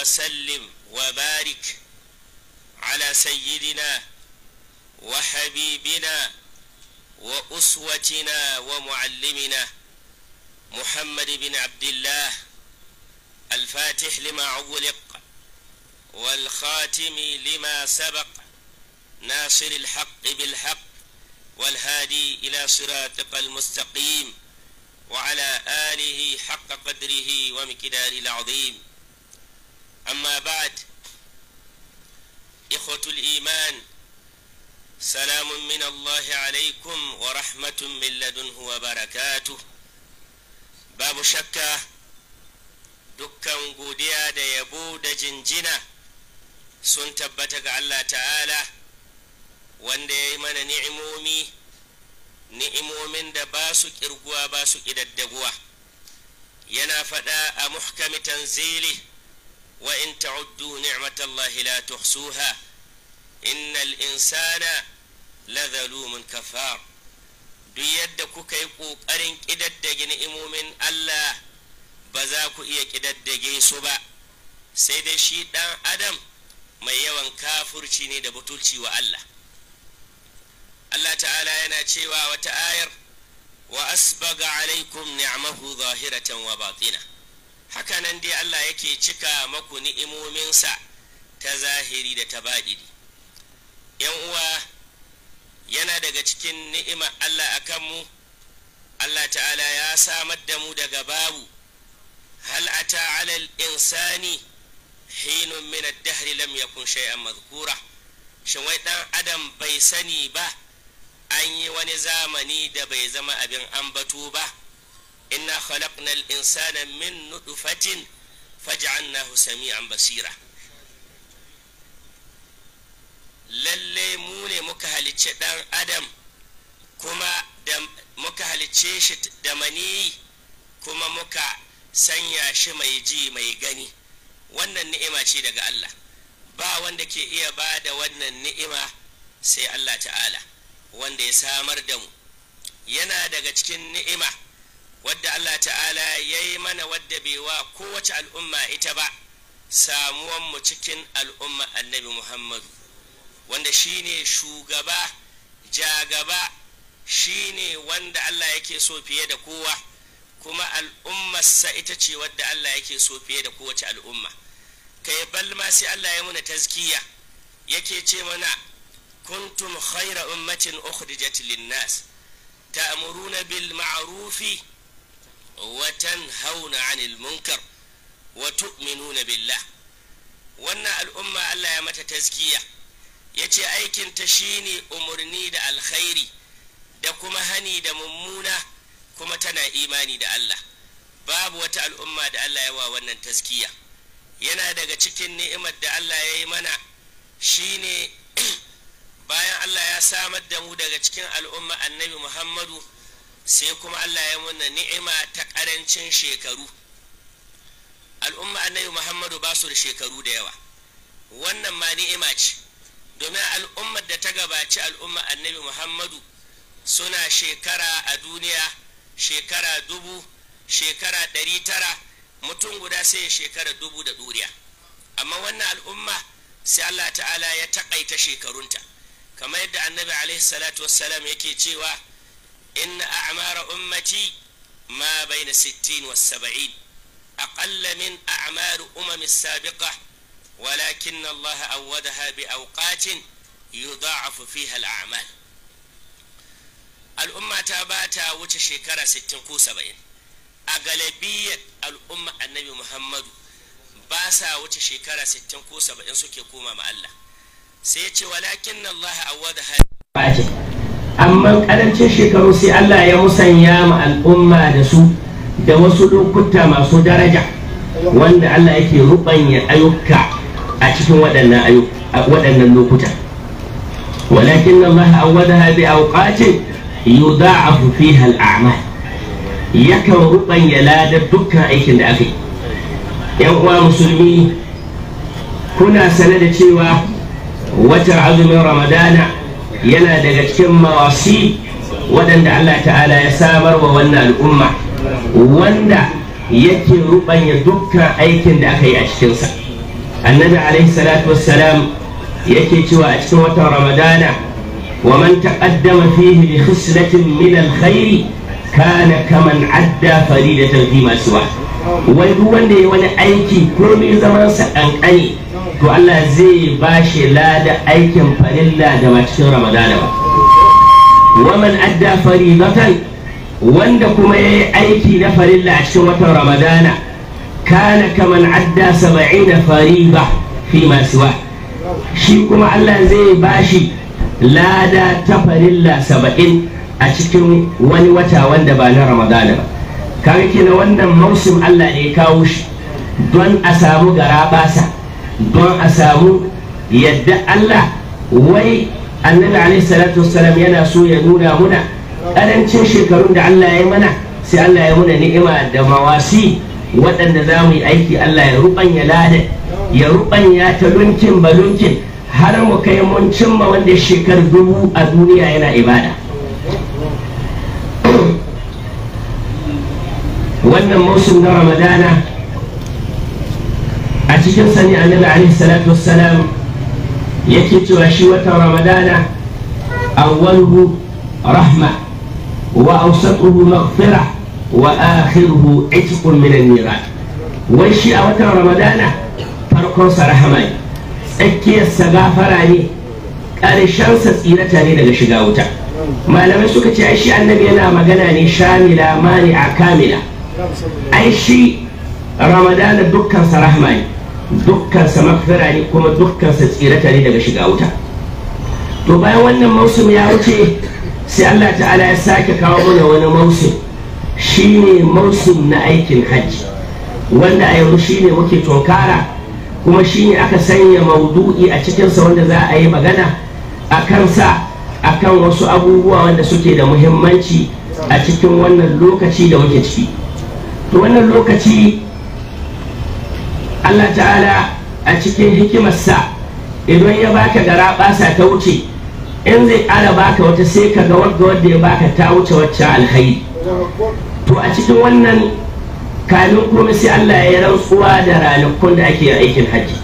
وسلم وبارك على سيدنا وحبيبنا وأسوتنا ومعلمنا محمد بن عبد الله الفاتح لما عولق والخاتم لما سبق ناصر الحق بالحق والهادي إلى صراطك المستقيم وعلى آله حق قدره ومكدار العظيم أما بعد إخوة الإيمان سلام من الله عليكم ورحمة من لدنه وبركاته babu shakka dukkan godiya da yabo jinjina sun tabbatar ga Allah ta'ala wanda ya yi mana ni'imomi ni'imomin da ba su ƙirguwa ba su ƙidaddaguwa yana faɗa a muhkami tanzili وإن تعدوا نعمة الله لا تحصوها إن الإنسان لظلوم كفار duk yadda kuka yi ƙoƙarin ƙidaddage ni'imomin Allah ba za ku iya ƙidaddage su ba sai dai shi ɗan adam mai yawan kafurci ne da butulci wa Allah Allah ta'ala yana cewa wata ayar wa asbaga alaikum ni'amahu zahiratan wa batina hakanan dai Allah yake cika maku ni'imominsa ta zahiri da ta baɗiri yan uwa yana daga cikin ni'ima Allah a kanmu Allah ta'ala ya samar da mu daga babu hal ata ta'alal insani hinun min dahri lam kun shay'an madhkura shin wai ɗan adam bai sani ba an yi wani zamani da bai zama abin ambato ba inna khalaqna al-insana min nutfatin faj'alnahu sami'an basira lalle mu ne muka halicce dan adam kuma da muka halicce shi da mani kuma muka sanya shi mai ji mai gani wannan ni'ima ce daga Allah ba wanda ke iya ba da wannan ni'ima sai Allah ta'ala wanda ya samar da mu yana daga cikin ni'ima wadda Allah ta'ala ya yi mana wadda bai wa kowace al'umma ita ba samuwan mu cikin al'umma annabi muhammadu wanda ne shugaba jagaba shine wanda Allah yake so fiye da kowa kuma al'ummarsa ita ce wadda Allah yake so fiye da kowace al'umma kai bal ma sai Allah ya muna tazkiya yake ce mana kuntum khaira ummatin ukhrijat lin nas ta'muruna bil ma'rufi Watan وتنهون عن المنكر وتؤمنون بالله wannan al'umma Allah ya mata taskiya ya ce aikinta shine umarni da alkhairi da kuma hani da mummuna kuma tana imani da Allah babu wata al'umma da Allah ya wa wannan taskiya yana daga cikin ni'imar da Allah ya yi mana shine bayan Allah ya samar da mu daga cikin al'umma annabi Muhammadu sai kuma Allah ya muna ni'ima ta ƙarancin shekaru al'umma annabi Muhammadu ba su da shekaru da yawa wannan ma ni'ima ce domin al'ummar da ta gabaci al'umma annabi Muhammadu suna shekara a duniya shekara dubu shekara ɗari tara mutum guda sai shekara dubu da ɗuriya amma wannan al'umma sai Allah ta'ala ya taƙaita shekarunta kamar yadda annabi alaihi salatu wassalam yake cewa إن أعمار أمتي ما بين الستين والسبعين أقل من أعمار أمم السابقة ولكن الله أودها بأوقات يضاعف فيها الأعمال الأمة تاباتا وتشكرا ستين كو سبعين أغلبية الأمة النبي محمد باسا وتشكرا ستين كو سبعين سكي كوما مع الله سيتي ولكن الله أودها بأوقات amma ƙarancin shekaru sai Allah ya musanya ma al'umma da su da wasu lokuta masu daraja wanda Allah yake rubanya ayyuka a cikin waɗannan waɗannan lokuta walakin Allah awwadaha bi awqatin yudha'afu fiha al'amal yakan rubanya ladar dukkan aikin da aka yi yan uwa musulmi kuna sane da cewa watan azumin ramadana yana daga cikin mawasi waɗanda Allah ta'ala ya samar wa wannan al'umma wanda yake rubanya dukkan aikin da aka yi a cikinsa annabi alaihi salatu wassalam yake cewa a cikin watan ramadana wa man taqaddama fihi bi khislatin min alkhairi kana kaman adda faridatan fi masu siwa wai duk wanda ya wani aiki ko mai zaman sa to Allah zai ba shi lada aikin farilla da cikin ramadana ba waman adda faridatan wanda kuma ya yi aiki na farilla a cikin watan ramadana kana kaman adda saba'ina fariba fi masu shi kuma allah zai bashi lada ta farilla saba'in a cikin wani wata wanda ba na ramadana ba kaga na wannan mausim Allah ne kawo shi don a samu garabasa don a samu yadda Allah wai annabi alaihi salatu wassalam yana so ya nuna muna ƙarancin shekarun da Allah ya mana sai Allah ya muna ni'ima da mawasi waɗanda za mu yi aiki Allah ya ruɓanya ladan ya ruɓanya ta lunkin ba har mu kai mun cimma wanda shekaru dubu a duniya yana ibada wannan musul na ramadana a cikin sani annabi alaihi salatu wassalam yake cewa shi watan ramadana awwaluhu rahma wa awsatuhu maghfira wa akhiruhu itqun min an-niran wai shi a watan ramadana farkon sa rahama ne tsakiyar sa gafara ne ƙarshen sa tsirata ne daga shiga wuta malamai suka ce ai shi annabi yana magana ne shamila mani a kamila ai shi ramadana dukkansa rahma ne dukkansa mafira ne kuma dukkansa tsirata ne daga shiga wuta to bayan wannan mausum ya wuce sai allah ta'ala ya sake kawo mana wani mausum shine mausum na aikin hajji wanda a yanzu shine muke tunkara kuma shine aka sanya maudu'i a cikinsa wanda za a yi magana a kansa akan wasu abubuwa wanda suke da muhimmanci a cikin wannan lokaci da muke ciki to wannan lokaci Allah ta'ala a cikin hikimarsa idan ya baka gara basa ta wuce in zai ƙara baka wata sai ka ga wadda ya baka ta wuce wacce alhayi to a cikin wannan kamin kuma sai Allah ya rantsuwa da ranakun da ake aikin hajji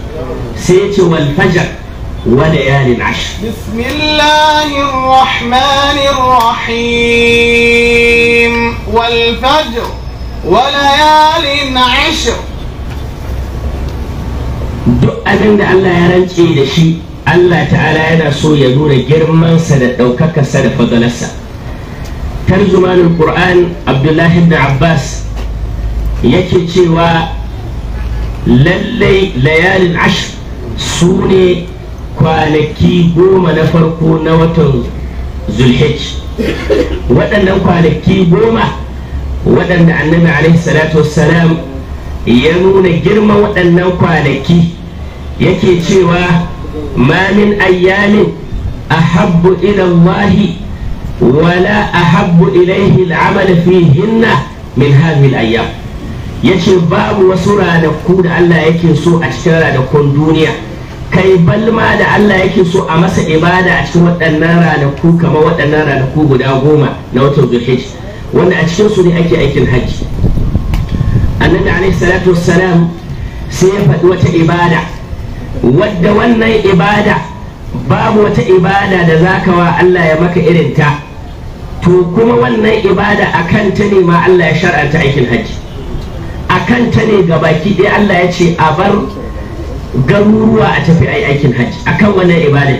sai ya ce wal fajar wa layalin ashr bismillahir rahmanir rahim wal fajr وليال عشر duk abin da Allah ya rantse da shi Allah ta'ala yana so ya nuna girmansa da ɗaukakarsa da fadalarsa tarjumanin Qur'an Abdullahi ibn Abbas yake cewa lallai layalin ashir su ne kwanaki goma na farko na watan zulhij waɗannan kwanaki goma waɗanda annabi alaihi salatu wassalam ya nuna girma waɗannan kwanaki yake cewa ma min ayyamin ahabbu ila Allahi wala ahabbu ilaihi al'amal fihinna min hadhihi al yace babu wasu ranaku da Allah yake so a cikin ranakun duniya kai balma da Allah yake so a masa ibada a cikin waɗannan ranaku kamar waɗannan ranaku guda goma na watan Zulhijj wanda a cikin su ne ake aikin hajji annabi alaihi salatu wassalam sai ya faɗi wata ibada wadda wannan ibada babu wata ibada da zaka wa Allah ya maka irin ta to kuma wannan ibada akan ta ne ma Allah ya shar'anta aikin hajji akan ta ne ga baki ɗaya Allah ya ce a bar garuruwa a tafi ai aikin hajji akan wannan ibada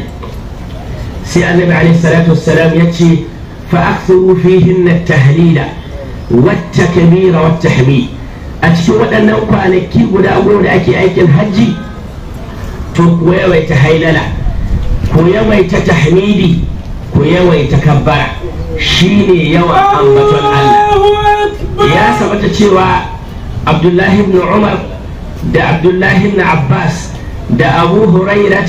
sai annabi alaihi salatu wassalam ya ce فأكثروا فيهن التهليل والتكبير والتحميد أتشو ودنا وكوانكي ودا أقول أكي أكي الحجي تقوى ويتهيلنا كويا ويتتحميدي كويا ويتكبر شيني يوى أمة الله يا سبت تشيوى عبد الله بن عمر دا عبد الله بن عباس دا أبو هريرة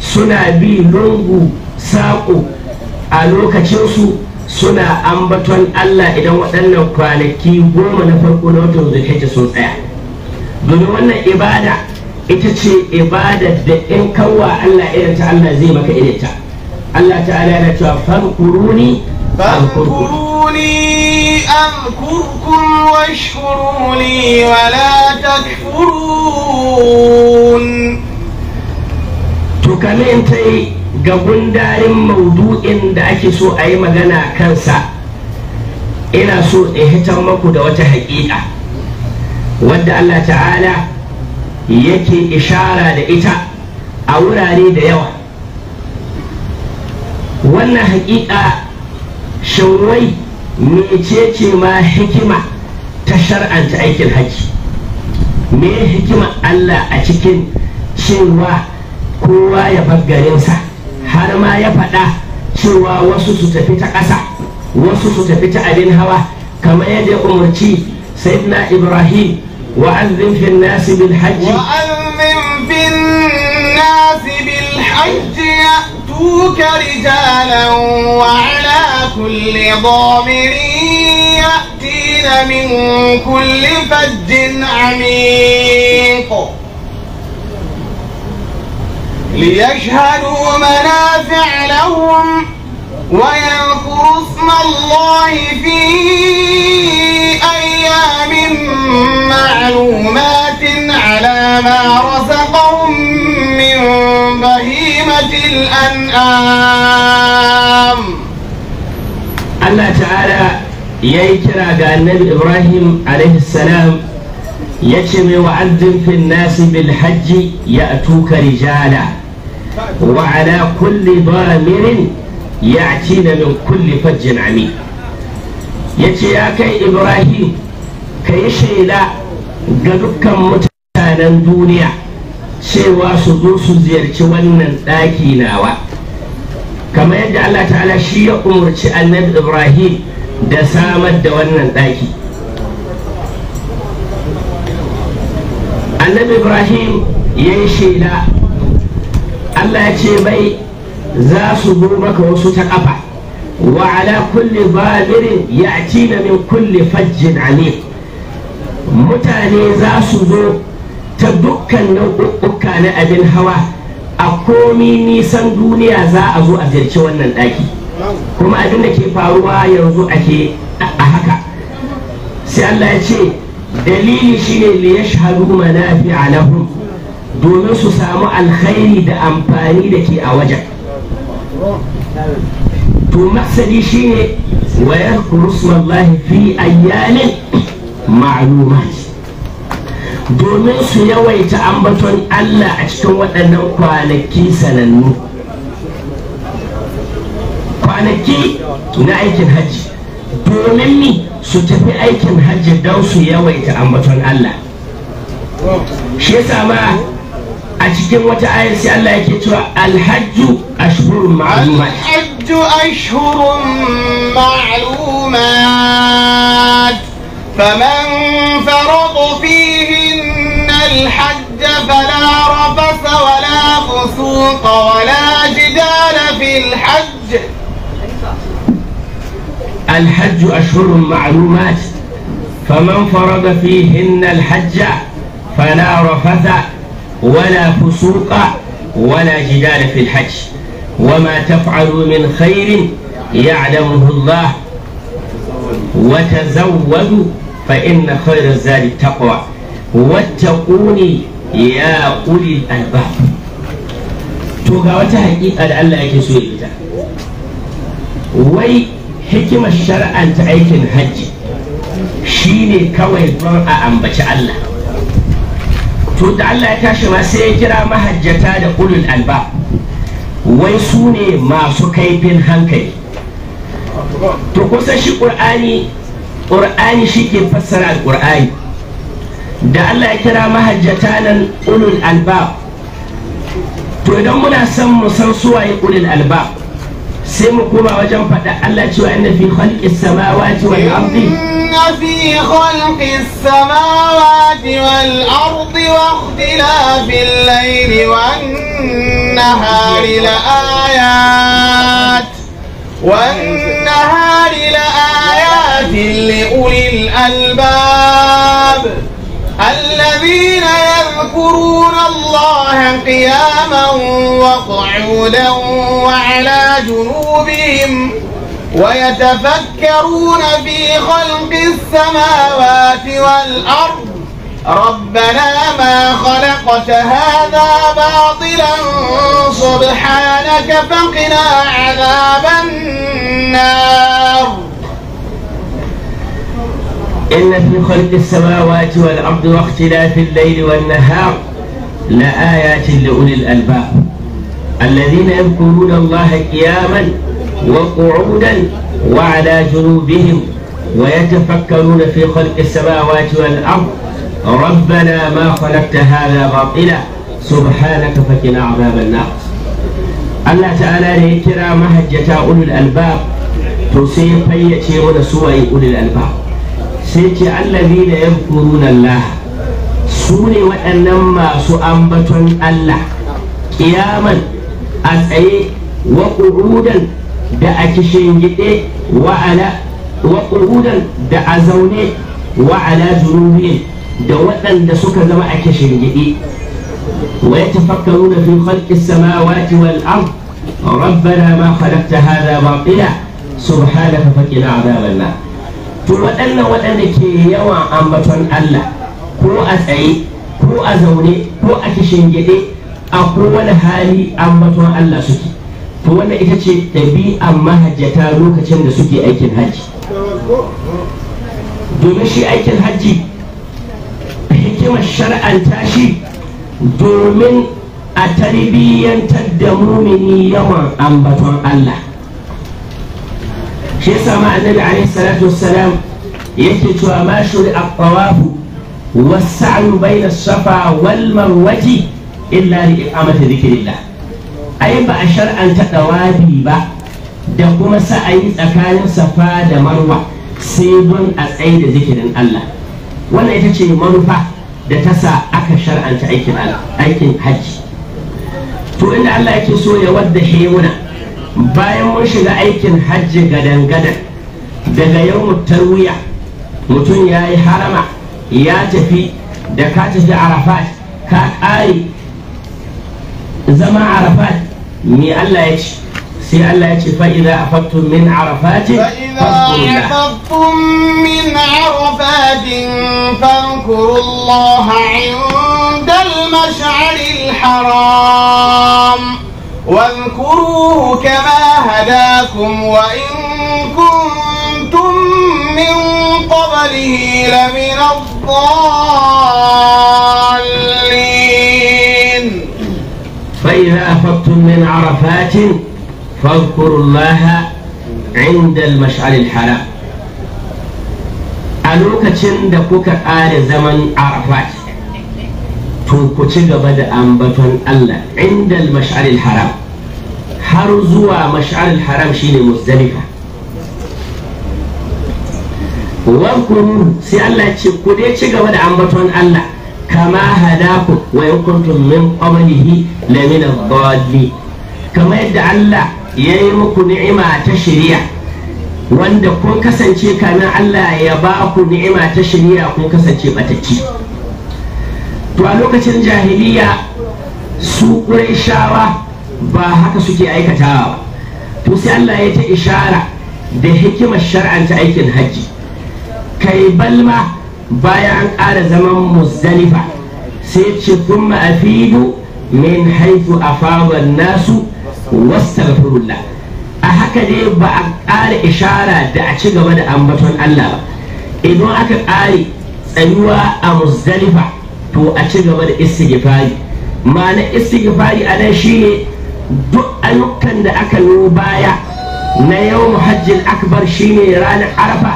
سنا بي لونغو ساقو a lokacinsu suna ambaton Allah idan waɗannan kwanaki goma na farko na watan zulhijja sun tsaya domin wannan ibada ita ce ibada da in kawwa Allah irin ta Allah zai maka irin ta Allah ala yana cewa farkuruni, farkuruni. amkurkum takfurun to ta yi ga gundarin maudu'in da ake so a yi magana kansa ina so in hitar maku da wata haƙiƙa wadda Allah ta'ala yake ishara da ita a wurare da yawa wannan haƙiƙa shaurwai mecece ma hikima ta shar'anta aikin haƙi, me hikima Allah a cikin cewa kowa ya bar garinsa har ma ya fada cewa wasu su tafi ta kasa wasu su tafi ta abin hawa kamar yadda umarci sayyidina ibrahim wa fil nas وعذب في الناس بالحج وعذب في الناس بالحج يأتوك رجالا وعلى كل ضامر يأتين من كل فج عميق ليشهدوا منافع لهم ويذكروا اسم الله في أيام معلومات على ما رزقهم من بهيمة الأنعام الله تعالى يا يجرى النبي إبراهيم عليه السلام يجمع وعد في الناس بالحج يأتوك رجالا وعلى كل ضامر يأتين من كل فج عميق yace ya kai ibrahim ka yi shaida ga dukkan mutanen duniya cewa su zo su ziyarci wannan ɗaki nawa kamar yadda allah ta'ala shi ya umarci annabi ibrahim da samar da wannan ɗaki annabi ibrahim ya yi shaida Allah ce bai za su zo maka wasu ta kafa wa ala kulli babirin ya ci na min kulli fajjin ne mutane za su zo ta dukkan nau'uka na abin hawa a komi nisan duniya za a zo a ziyarci wannan ɗaki kuma abin da ke faruwa yanzu ake a haka sai Allah ya ce dalili shine li yashhadu manafi'a lahum domin su samu alkhairi da amfani da ke a wajen to shi shine wayar rusmallahi fi ayyamin ma'aluma domin su yawaita ambaton Allah a cikin waɗannan kwanaki sanannu kwanaki na aikin hajji domin ni su tafi aikin hajji don su yawaita ambaton Allah shi yasa ma أشكي وجه آية الله يكتب الحج أشهر معلومات الحج أشهر معلومات فمن فرض فيهن الحج فلا رفث ولا فسوق ولا جدال في الحج الحج أشهر معلومات فمن فرض فيهن الحج فلا رفث ولا فسوق ولا جدال في الحج وما تفعلوا من خير يعلمه الله وتزودوا فإن خير الزاد التقوى واتقوني يا أولي الألباب توقع وتحقيق الله يكي سوء wai hikimar shar'anta aikin hajji shine kawai don a ambaci Allah to da Allah ya tashi ma sai ya kira mahajjata da ulul alba wai su ne masu kaifin hankali to kusan shi ƙur'ani ƙur'ani shi ke fassara ƙur'ani. da Allah ya kira mahajjata nan ulul alba to idan muna son mu san suwaye ulul alba سمكما وجنب تحلت وأن في خلق السماوات والأرض إن في خلق السماوات والأرض واختلاف الليل والنهار لآيات والنهار لآيات لأولي الألباب الذين يذكرون الله قياما وقعودا وعلى جنوبهم ويتفكرون في خلق السماوات والأرض ربنا ما خلقت هذا باطلا سبحانك فقنا عذاب النار إن في خلق السماوات والأرض واختلاف الليل والنهار لآيات لأولي الألباب الذين يذكرون الله قياما وقعودا وعلى جنوبهم ويتفكرون في خلق السماوات والأرض ربنا ما خلقت هذا باطلا سبحانك فقنا عذاب النار الله تعالى ne ya أولي الألباب ulul albab to أولي الألباب sai ce allazi da yadhkuruna Allah su ne waɗannan masu ambaton Allah kiyaman a tsaye wa ƙurudan da a gide wa ƙurudan da a zaune wa ala junubiyin da waɗanda suka zama a gide wa ya tafakkaru na fi khalqi samawati wal ard rabbana ma khalaqta hadha batila subhanaka faqina adhaban nar to waɗannan waɗanda ke yawan ambaton Allah ko a tsaye ko a zaune ko a gyaɗe, a kowane hali ambaton Allah suke to wannan ita ce ɗabi'an mahajjata lokacin da suke aikin hajji domin shi aikin hajji hikimar shar'anta shi domin a tarbiyyantar da mumini yawan ambaton Allah shi yasa ma annabi alaihi salatu wassalam yake cewa ma shuri at-tawafu was-sa'yu bayna as-safa wal marwati illa li iqamati dhikrillah ai ba a shar'anta dawafi ba da kuma sa'ayi tsakanin safa da marwa sai don a tsaye da zikirin Allah wannan ita ce manufa da ta sa aka shar'anta aikin aikin hajji to inda Allah yake so ya wadda muna bayan mun shiga aikin hajji gadan-gadan daga yau tarwiya mutum ya yi harama ya tafi da ka tafi arafat ka ƙare zama arafat me allah ya ci sai Allah ya ce fa'iza a fattun min arafatin fattun min arafatin fankurullah inda al-mash'aril haram واذكروه كما هداكم وإن كنتم من قبله لمن الضالين فإذا أفضتم من عرفات فاذكروا الله عند المشعر الحرام a lokacin آل زمن عرفات to ku ci gaba da ambaton Allah inda masharil haram har zuwa mash'aril haram shine muzdalifa wankuru sai Allah ce ku dai ci gaba da ambaton Allah kama hadaku wa in kuntum min qablihi lamina min kama yadda Allah ya yi muku ni'ima ta shari'a wanda kun kasance kamin Allah ya ba ku ni'ima ta shari'a kun kasance batacci to a lokacin jahiliya su shawa ba haka suke aikatawa to sai Allah ya ta ishara da hikimar shar'anta aikin hajji kai balma bayan an ƙara zaman muzdalifa sai ce kun ma'afidu min haifu afaban nasu wastaghfirullah a haka ne ba a ƙara ishara da a ci gaba da ambaton Allah ba idan aka ƙare tsayuwa a muzdalifa to a ci gaba da istighfari ma'ana istighfari a nan shine duk ayyukan da aka yi baya na yau hajjin akbar shine ranar arafa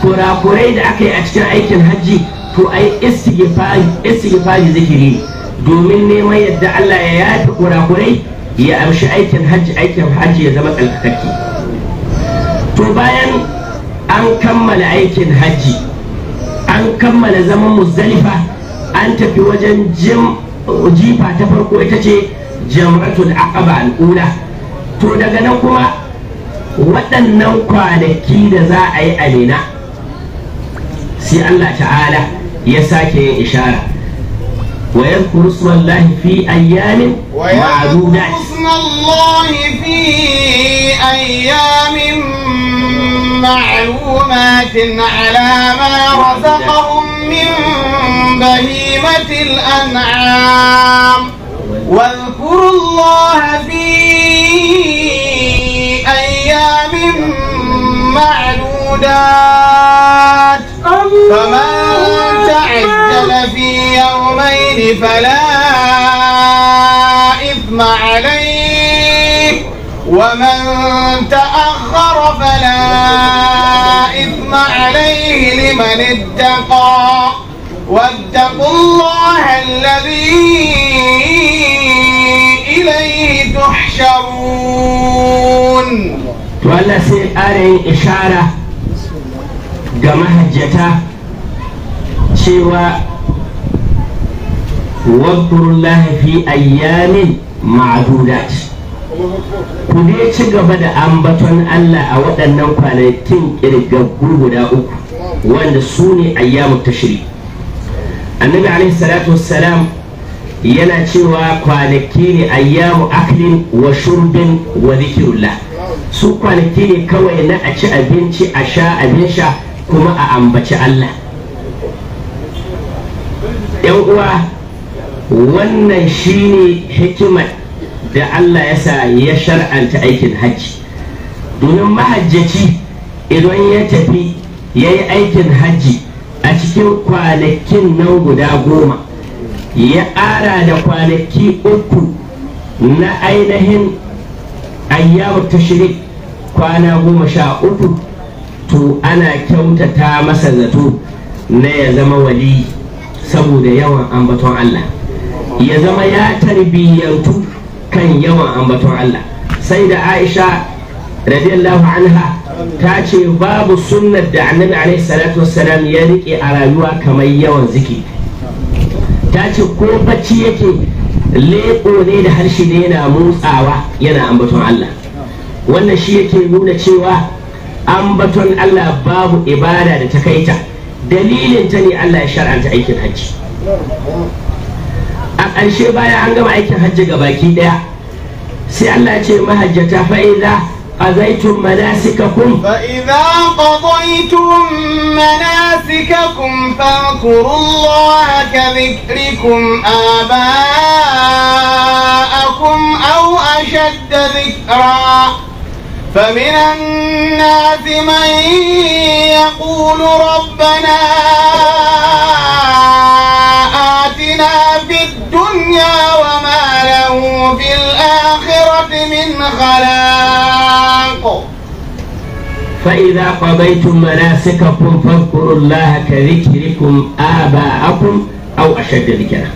kurakurai da aka yi a cikin aikin hajji to ai istighfari istighfari zikiri domin neman yadda Allah ya yafi kurakurai ya amshi aikin hajji aikin hajji ya zama tsarkakakke to bayan an kammala aikin hajji an kammala zaman muzdalifa an tafi wajen jim jifa ta farko ita ce jamratul aqaba al'ula to daga nan kuma waɗannan kwanaki da za a yi alina sai Allah ta'ala ya sake yin ishara wa yadhkuru smallahi fi ayyamin ma'dudat fi ayyamin معلومات على ما رزقهم من بهيمة الأنعام واذكروا الله في أيام معدودات فمن تعجل في يومين فلا إثم عليه ومن تأخر فلا إثم عليه لمن اتقى واتقوا الله الذي إليه تحشرون ولا أري إشارة جمهجة سوى واذكروا الله في أيام معدودات ku ci gaba da ambaton Allah a waɗannan kwanakin ƙirgaggu guda uku wanda su ne ayyamu tashrik annabi alaihi salatu wassalam yana cewa kwanaki ne ayyamu aklin wa shurbin wa zikirullah su kwanaki ne kawai na a ci abinci a sha abin sha kuma a ambaci Allah yan uwa wannan shine hikimar da Allah ya sa ya shar'anta aikin hajji domin mahajjaci idan ya tafi ya yi aikin hajji a cikin kwanakin nan guda goma ya ƙara da kwanaki uku na ainihin ayyamu shirin kwana goma sha uku to ana kyautata masa zato na ya zama wali saboda yawan ambaton Allah ya zama ya tarbiyyantu kan yawan ambaton Allah sai da Aisha radiyallahu anha ta ce babu sunnar da annabi alaihi salatu wassalam ya rike a rayuwa kamar yawan ziki ta ce ko bacci yake leɓo ne da harshe ne yana motsawa yana ambaton Allah wannan shi yake nuna cewa ambaton Allah babu ibada da ta takaita dalilin ta ne Allah ya shar'anta aikin hajji a ƙarshe baya an gama aikin hajji ga baki ɗaya sai Allah ce mahajjata fa'iza أذيتم مناسككم فإذا قضيتم مناسككم فاذكروا الله كذكركم آباءكم أو أشد ذكرا فمن الناس من يقول ربنا في الدنيا وما له في الآخرة من خلاق فإذا قضيتم مناسككم فاذكروا الله كذكركم آباءكم أو أشد ذكرا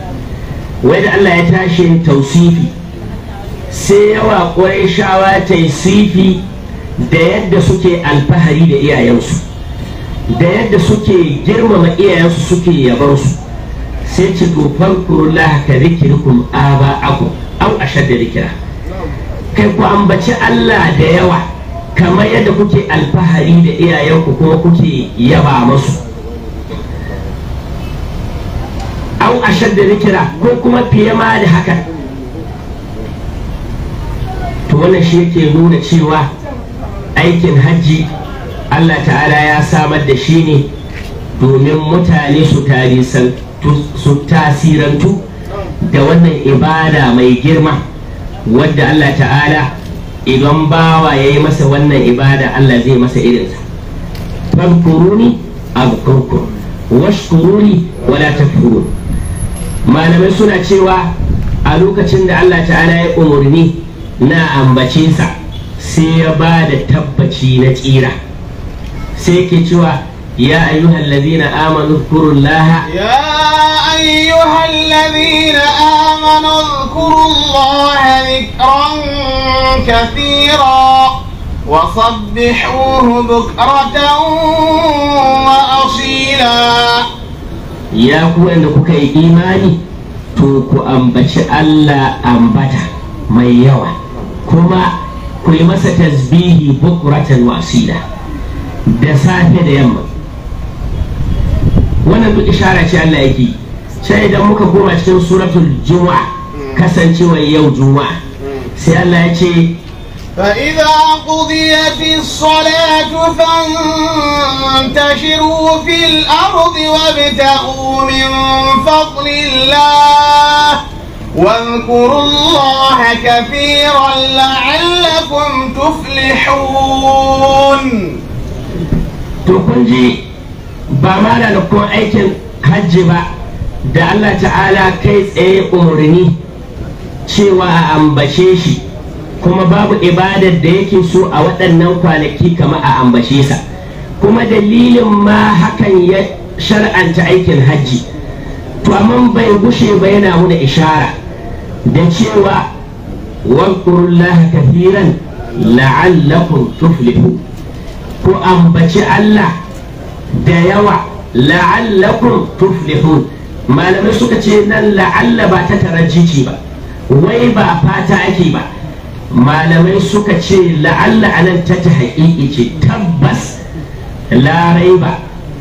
وإذا الله يتاشي توصيفي سيوا قريشاوا تيصيفي da yadda suke alfahari da iyayensu da yadda suke girmama يوسف سوكي يبرسو sai ce to farko la ka zikirkum aba aku. au da zikira kai ku ambaci Allah da yawa kamar yadda kuke alfahari da iyayenku ko kuke yaba masu. au da zikira ko kuma fiye ma da haka to wannan shi yake nuna cewa aikin hajji Allah ta'ala ya samar da shi ne domin mutane su tarisan su tasirantu da wannan ibada mai girma wadda Allah ta'ala idan bawa ya yi masa wannan ibada Allah zai masa irinsa Wasu azkurkum washkuruni wala furu. malamai suna cewa a lokacin da Allah ta'ala ya umarni na ambacinsa sai ya ba da tabbaci na tsira sai ke cewa يا أيها الذين آمنوا اذكروا الله يا أيها الذين آمنوا اذكروا الله ذكرا كثيرا وصبحوه بكرة وأصيلا يا كوين كوكي إيماني توكو أمبتش ألا أمبتا ميوا كما كل مسا تزبيه بكرة وأصيلا دسافة safe wannan duk ishara ce Allah yake sai idan muka koma cikin suratul juma'a kasancewar yau juma'a sai Allah ya ce فإذا قضيت الصلاة فانتشروا في الأرض وابتغوا من فضل الله واذكروا الله كثيرا لعلكم تفلحون تقول ba ma da kuma aikin hajji ba da Allah ta'ala kai tsaye umarni cewa a ambace shi kuma babu ibadar da yake so a waɗannan kwanaki kama a ambace sa kuma dalilin ma hakan ya shar'anta aikin hajji to amma bai gushe ba yana muna ishara da cewa wankurullaha kafiran la'allakum tuflihu ko ambaci Allah da yawa la'allakum tuflihun malamai suka ce nan la'alla ba ta tarajiki ba wai ba fata ake ba malamai suka ce la'alla nan ta ta haƙiƙi ce tabbas larai ba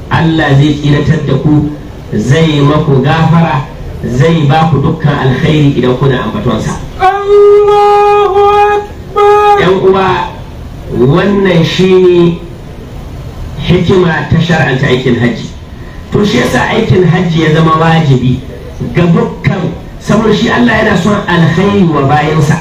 Allah zai tsiratar da ku zai maku gafara zai ba ku dukkan alkhairi idan kuna ambatonsa yan uwa wannan shine هكما تشرع أنت عيكن هج توشي يسا عيكن يا يزم واجبي قبكم سمرشي الله أنا سوى الخير وباينسا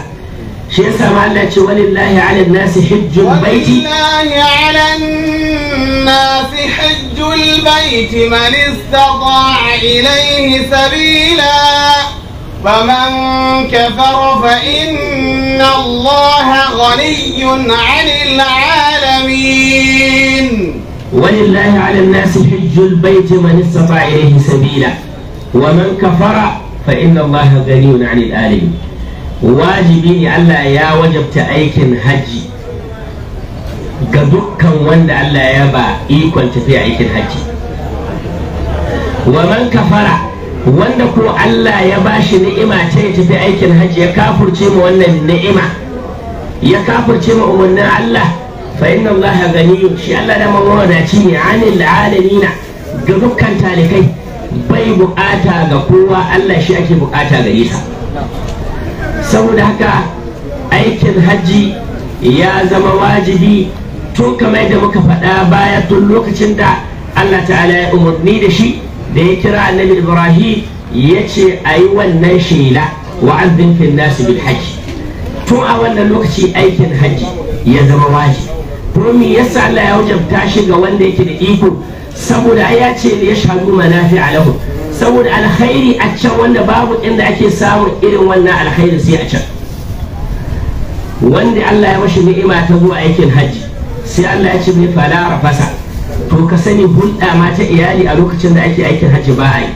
شيء سمع الله ولله على الناس حج البيت ولله على الناس حج البيت من استطاع إليه سبيلا فمن كفر فإن الله غني عن العالمين ولله على الناس حج البيت من استطاع إليه سبيلا ومن كفر فإن الله غني عن العالمين wajibi ne Allah ya wajabta aikin hajji ga dukkan wanda Allah ya ba ikon tafiya aikin hajji wa man kafara wanda ko Allah ya ba shi ni'ima ta ya tafi aikin hajji ya kafurce wa wannan ni'ima ya kafurce umarnin Allah fa inna Allah ganiyun shi Allah da mawadaci ne anil alamina ga dukkan talikai bai buƙata ga kowa Allah shi ake bukata ga isa saboda haka aikin hajji ya zama wajibi tun kamar da muka faɗa baya tun lokacin da Allah ta'ala ya umarni da shi da ya kira Nabi Ibrahim ya ce a yi wannan shela wa azzin fin tun a wannan lokaci aikin hajji ya zama wajibi ya yasa Allah ya wajabta shi ga wanda yake da iko saboda ya ce da ya shagu manafi alahu saboda alkhairi a can wanda babu inda ake samun irin wannan alkhairi sai a can wanda Allah ya mashi ni'ima ta zuwa aikin hajji sai Allah ya ce mai fala rafasa to ka sani hulɗa ma ta iyali a lokacin da ake aikin hajji ba a yi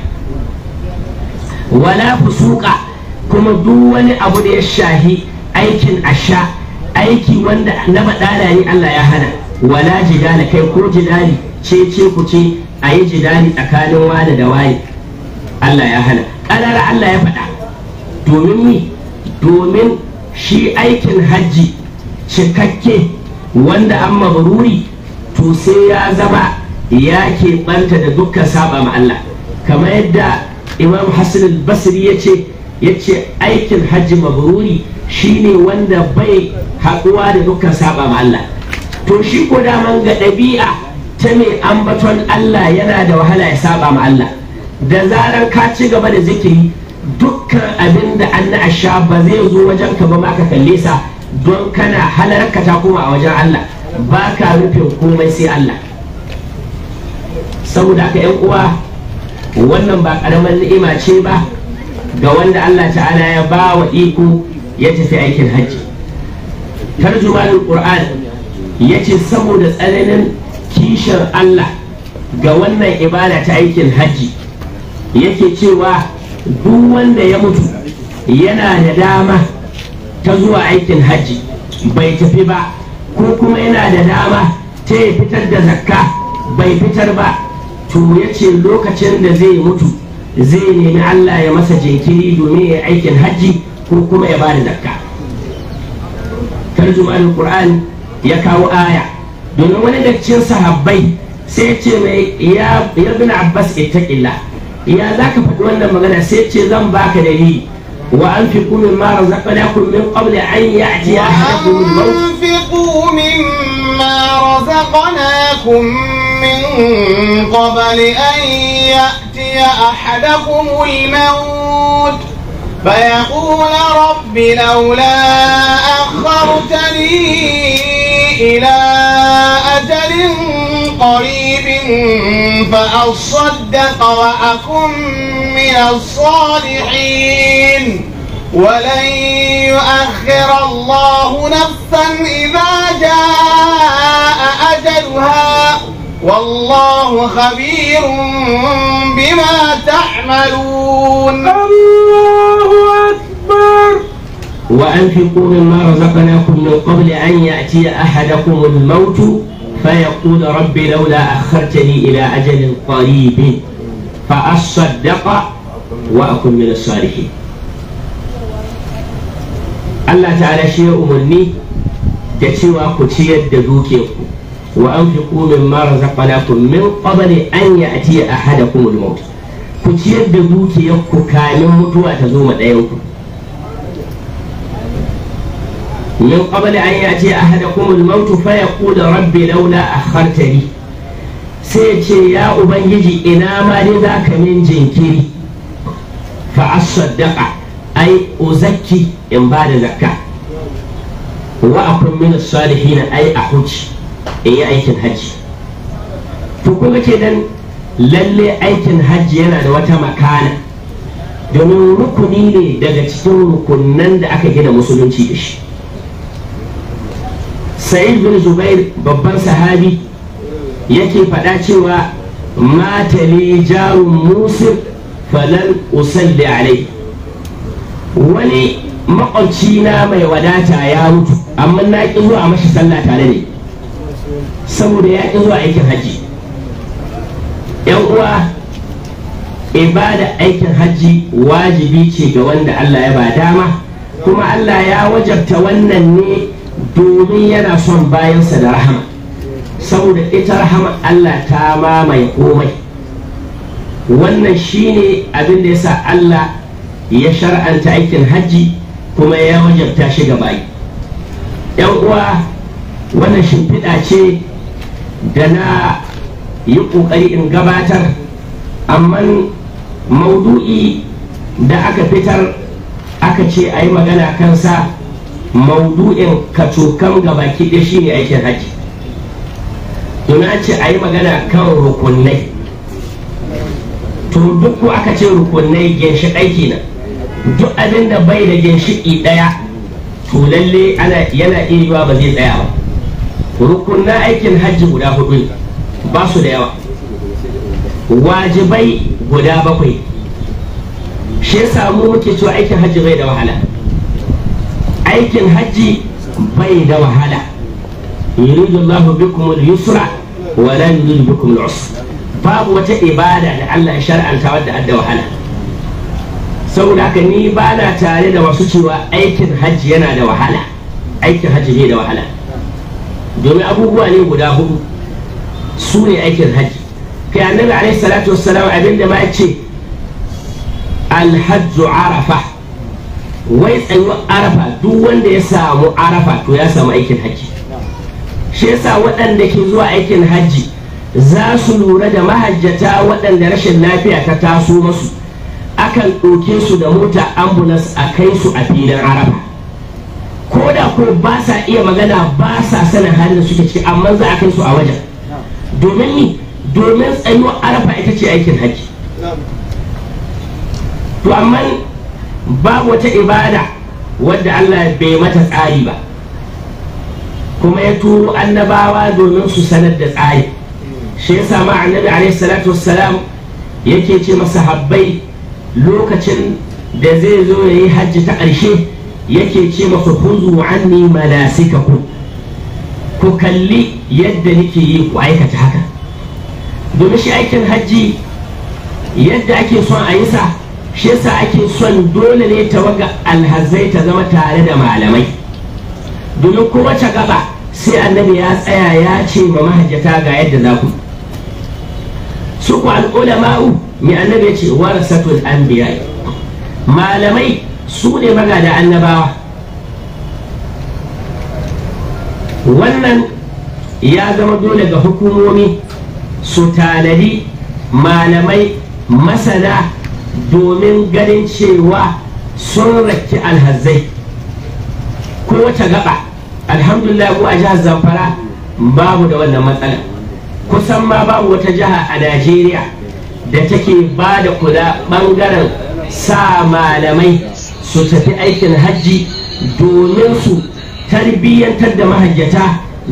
wala fusuka kuma duk wani abu da ya shahi aikin asha aiki wanda na madala ne Allah ya hana wala jidala kai ko jidali ce ce ku ce a yi jidali tsakanin wani da waye Allah ya hana ƙarar Allah ya faɗa domin ni domin shi aikin hajji cikakke wanda an mabaruri to sai ya zama ya ke ɓanta da dukkan saba ma Allah kamar yadda imam hassan basri ya ce ya ce aikin hajji mabaruri shine wanda bai haɗuwa da dukkan saba Allah to shi ko daman ga ɗabi'a ta mai ambaton Allah yana da wahala ya saba ma Allah da zaran ka ci gaba da zikiri dukkan abin da an na asha ba zai zo wajen ka ba ma ka kalle sa don kana halarka ta kuma a wajen Allah ba ka rufe komai sai Allah saboda ka yan uwa wannan ba karaman ni'ima ce ba ga wanda Allah ta'ala ya ba wa iko ya tafi aikin hajji da qur'an ya ce saboda tsananin kishin allah ga wannan ibada ta aikin hajji yake cewa duk wanda ya mutu yana da dama ta zuwa aikin hajji bai tafi ba ko kuma yana da dama ta ya fitar da zakka bai fitar ba to ya ce lokacin da zai mutu zai nemi allah ya masa jinkiri domin ya aikin hajji كما يبان ذكاء ترجم عن القرآن يكاو آية دون من ذلك صحابي سيتشي يا يا ابن عباس اتق الله يا ذاك فقد من مغنى سيتشي ذن باك لي وأنفقوا مما رزقناكم من قبل أن يأتي أحدكم الموت وأنفقوا مما رزقناكم من قبل أن يأتي أحدكم الموت فيقول رب لولا أخرتني إلى أجل قريب فأصدق وأكن من الصالحين ولن يؤخر الله نفسا إذا جاء أجلها والله خبير بما تعملون الله أكبر وأنفقوا مما رزقناكم من قبل أن يأتي أحدكم الموت فيقول رب لولا أخرتني إلى أجل قريب فأصدق وأكن من الصالحين الله تعالى شيء أمني umarni da دبوكيكم وأنفقوا مما رزقناكم من قبل أن يأتي أحدكم الموت ku ciyar da dukiyarku kamin mutuwa ta zo ma ɗayanku min qabl an yati ahadakum al-maut fa yaqul rabbi laula akhartani sai ce ya ubangiji ina ma dai za ka min jinkiri fa asaddaqa ai uzakki in ba da zakka wa akun min as-salihin a ahuji in yi aikin hajji to kuma kenan lalle aikin hajji yana da wata makana domin rukuni ne daga cikin rukunan da aka gina musulunci da shi sa'id bin zubair babban sahabi yake faɗa cewa matali jarun musir falal usalli alai wani makwabci na mai wadata ya mutu amma na ƙi zuwa mashi sallah tare ne saboda ya ƙi zuwa aikin hajji yan uwa ibada aikin hajji wajibi ce ga wanda Allah ya ba dama kuma Allah ya wajabta wannan ne domin yana son bayansa da rahama saboda ita rahama Allah ta mamaye komai wannan shine abin da sa Allah ya shar'anta aikin hajji kuma ya wajabta shi ga bayi yan uwa wannan shimfiɗa ce da na yi ƙoƙari in gabatar amma maudu'i da aka fitar aka ce a yi magana kansa maudu'in kacokan gabaki ɗaya ne aikin haji na ce a yi magana kan rukunai to duk aka ce rukunai ginshiƙai kenan duk abin da bai da ginshiƙi ɗaya to lalle yana iya yiwa ba zai tsaya ba rukunan aikin hajji guda hudu ba su da yawa wajibai guda bakwai shi samu muke cewa aikin hajji bai da wahala aikin hajji bai da wahala yuridu Allah bikum al-yusra wa la yuridu bikum babu wata ibada da Allah ya shar'anta wadda adda wahala saboda haka ni ba na tare da wasu cewa aikin hajji yana da wahala aikin hajji bai da wahala domin abubuwa ne guda hudu su ne aikin haji kai annabi alaihi salatu wassalam abinda ma ce alhajju arafa wai tsayuwa arafa duk wanda ya samu arafa to ya samu aikin haji shi yasa waɗanda ke zuwa aikin haji za su lura da mahajjata waɗanda rashin lafiya ta taso masu akan ɗauke su da mota ambulance a kai su a filin arafa ko da ko ba sa iya magana ba sa sanin halin da suke ciki amma za a kai su a wajen domin ni domin tsayo arafa ita ce aikin haki. to amma babu wata ibada wadda Allah bai mata tsari ba kuma ya turo annabawa domin su sanar da tsari shi ya sama annabi alaihi salatu wassalam yake ce masa habbai lokacin da zai zo ya yi hajji ta ƙarshe yake ce masa huzu anni manasikakum ku kalli yadda nake yi ku aikata haka domin shi aikin hajji yadda ake son a yi sa shi yasa ake son dole ne ta tawaga alhazai ta zama tare da malamai domin ta gaba sai annabi ya tsaya ya ce ma mahajjata ga yadda za ku su ku al'ulama'u mai annabi ya ce warasatul anbiya malamai su ne da annabawa wannan ya zama dole ga hukumomi su tanadi malamai masana domin ganin cewa sun raki alhazai wata gaba alhamdulillah ko a jihar zamfara babu da wannan matsala kusan ma babu wata jiha a najeriya da take ba da kula bangaren sa malamai su tafi aikin hajji domin su tarbiyyantar da mahajjata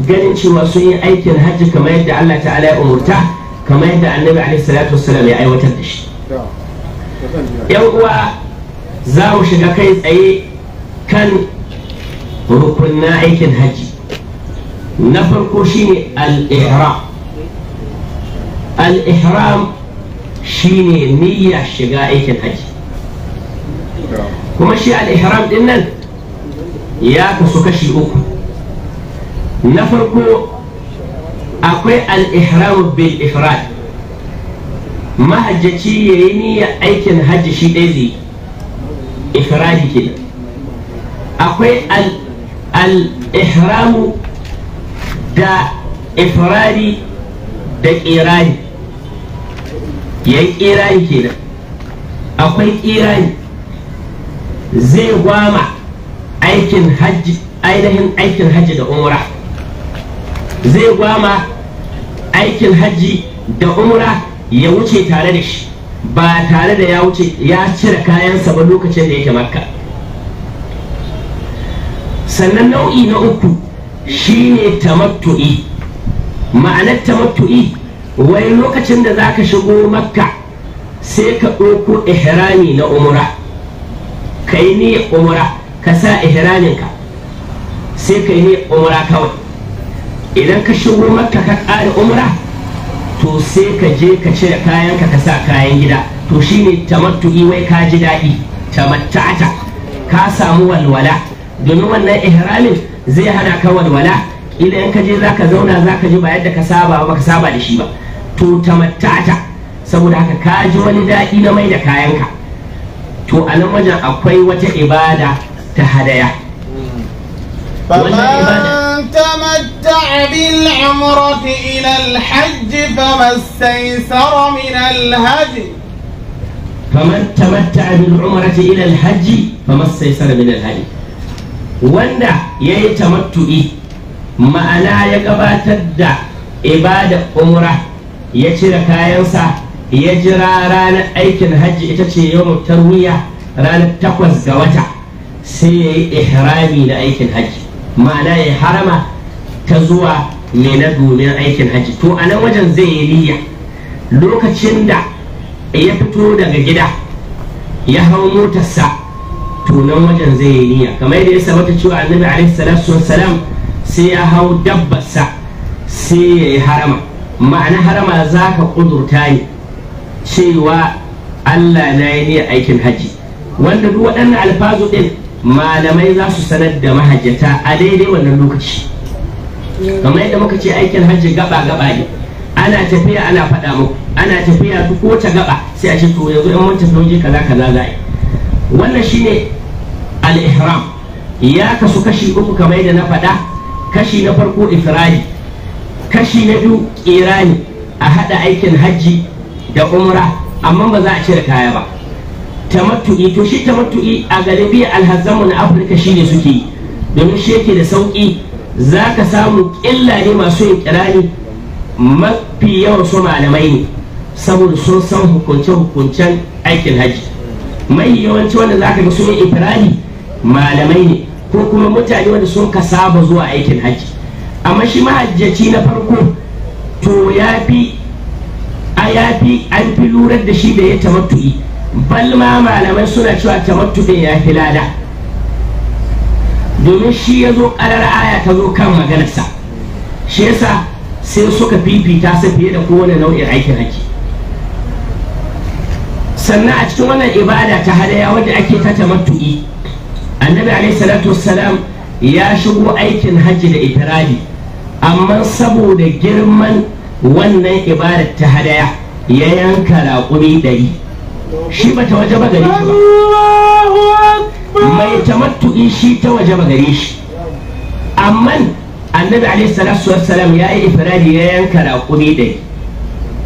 ganin cewa sun yi aikin hajji kamar yadda Allah ta'ala ya umurta kamar yadda annabi alaihi salatu wassalam ya aiwatar da shi yan uwa za mu shiga kai tsaye kan rukunna aikin hajji na farko shine al-ihram al-ihram shine niyyar shiga aikin hajji kuma shi al-ihram din nan ya kasu kashi uku na farko akwai al-ihram bil ifrad mahajjaci yayi niyyar aikin hajji shi ɗaya zai ifradi kenan akwai al-ihramu da ifradi da ƙirani yayi ƙirani kenan akwai ƙirani zai gwama aikin hajji ainihin aikin hajji da umura zai gwama aikin hajji da umra ya wuce tare da shi ba tare da ya wuce ya cire kayansa ba lokacin da yake makka sannan nau'i na uku shine tamattu'i ma'anar tamattu'i wai lokacin da za ka shigo makka sai ka ɗauko ihrami na umra ka yi niyyar umura ka sa ihramin sai ka yi niyyar umura kawai idan ka shigo makka ka ƙara umura to sai ka je ka cire kayan ka ka sa kayan gida to shine tamattu'i wai ka ji daɗi tamatta'ata ka samu walwala domin wannan ihramin zai hana ka walwala idan ka je zaka zauna zaka ji ba yadda ka saba ba ka saba da shi ba to tamatta'ata saboda haka ka ji wani daɗi na mai da kayanka to a nan wajen akwai wata ibada ta hadaya فمن تمتع بالعمرة إلى الحج فما استيسر من الهدي فمن تمتع بالعمرة إلى الحج فما استيسر من الهدي وندا يتمتعي ma'ana ya gabatar da ibada umra ya cire kayansa ya jira ranar aikin hajji ita ce yau tarwiya ranar takwas ga wata sai ya yi ihrami na aikin hajji ma'ana ya harama ta zuwa ne na domin aikin hajji to a nan wajen zai yi niyya lokacin da ya fito daga gida ya hau motarsa to nan wajen zai yi niyya kamar yadda ya ta cewa annabi alaihi salatu wassalam sai ya hau dabbarsa sai ya yi harama ma'ana harama za ka ƙudurta ne cewa Allah na yi niyyar aikin haji wanda duk waɗannan alfazu ɗin malamai za su sanar da mahajjata a daidai wannan lokaci kamar yadda muka ce aikin haji gaba gaba ne ana tafiya ana faɗa muku ana tafiya duk wata gaba sai a ce to yanzu in mun tafi kaza kaza za wannan shine al-ihram ya kasu kashi uku kamar yadda na faɗa kashi na farko ifrani kashi na biyu irani a haɗa aikin hajji da umra amma ba za a cire kaya ba tamattu'i to shi tamattu'i a galibi alhazzamu na afirka shi ne suke domin shi yake da sauƙi za ka samu ƙilla masu yin ƙirani mafi yawan su malamai ne saboda sun san hukunce-hukuncen aikin hajji mai yawanci wanda za ka ga sun yi ikirari malamai ne ko kuma mutane wanda sun ka saba zuwa aikin hajji amma shi mahajjaci na farko to ya fi ya fi an fi lura da shi da ya tamattu'i balma malaman suna cewa tamattu'in ya fi lada domin shi ya zo ƙarar aya ta zo kan maganarsa shi yasa sai suka fifita su fiye da kowane nau'in aikin ake sannan a cikin wannan ibada ta hadaya wadda ake ta tamattu'i annabi alaihi salatu wassalam ya shigo aikin hajji da itirali amma saboda girman wannan ibadar ta hadaya ya yanka raƙumi ɗari shi ba ta waje ba shi ba mai shi ta waje ba shi amma annabi alaihi salatu wassalam ya yi ifradi ya yanka raƙumi ɗari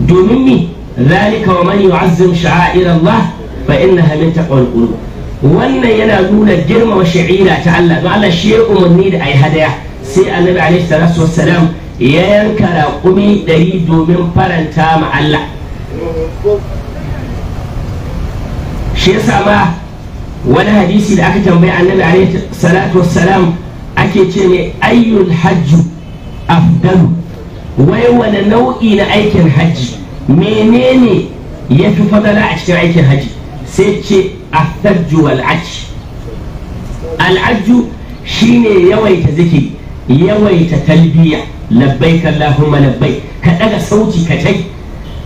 domin mi zalika wa man yu'azzim sha'air Allah fa innaha min taqwal qulub wannan yana nuna girmama sha'ira ta Allah don Allah shi ya umarni da ayi hadaya sai annabi alaihi salatu wassalam ya yanka raƙumi ɗari domin faranta ma Allah shi yasa ma wani hadisi da aka tambayi annabi alaihi salatu wassalam ake ce ne ayyul hajju afdalu wai wani nau'i na aikin hajji menene ya fi fadala a cikin aikin hajji sai ce afdajju wal aji al'ajju shine yawaita zikiri yawaita talbiya labbaik Allahumma labbai ka daga sauti ka tai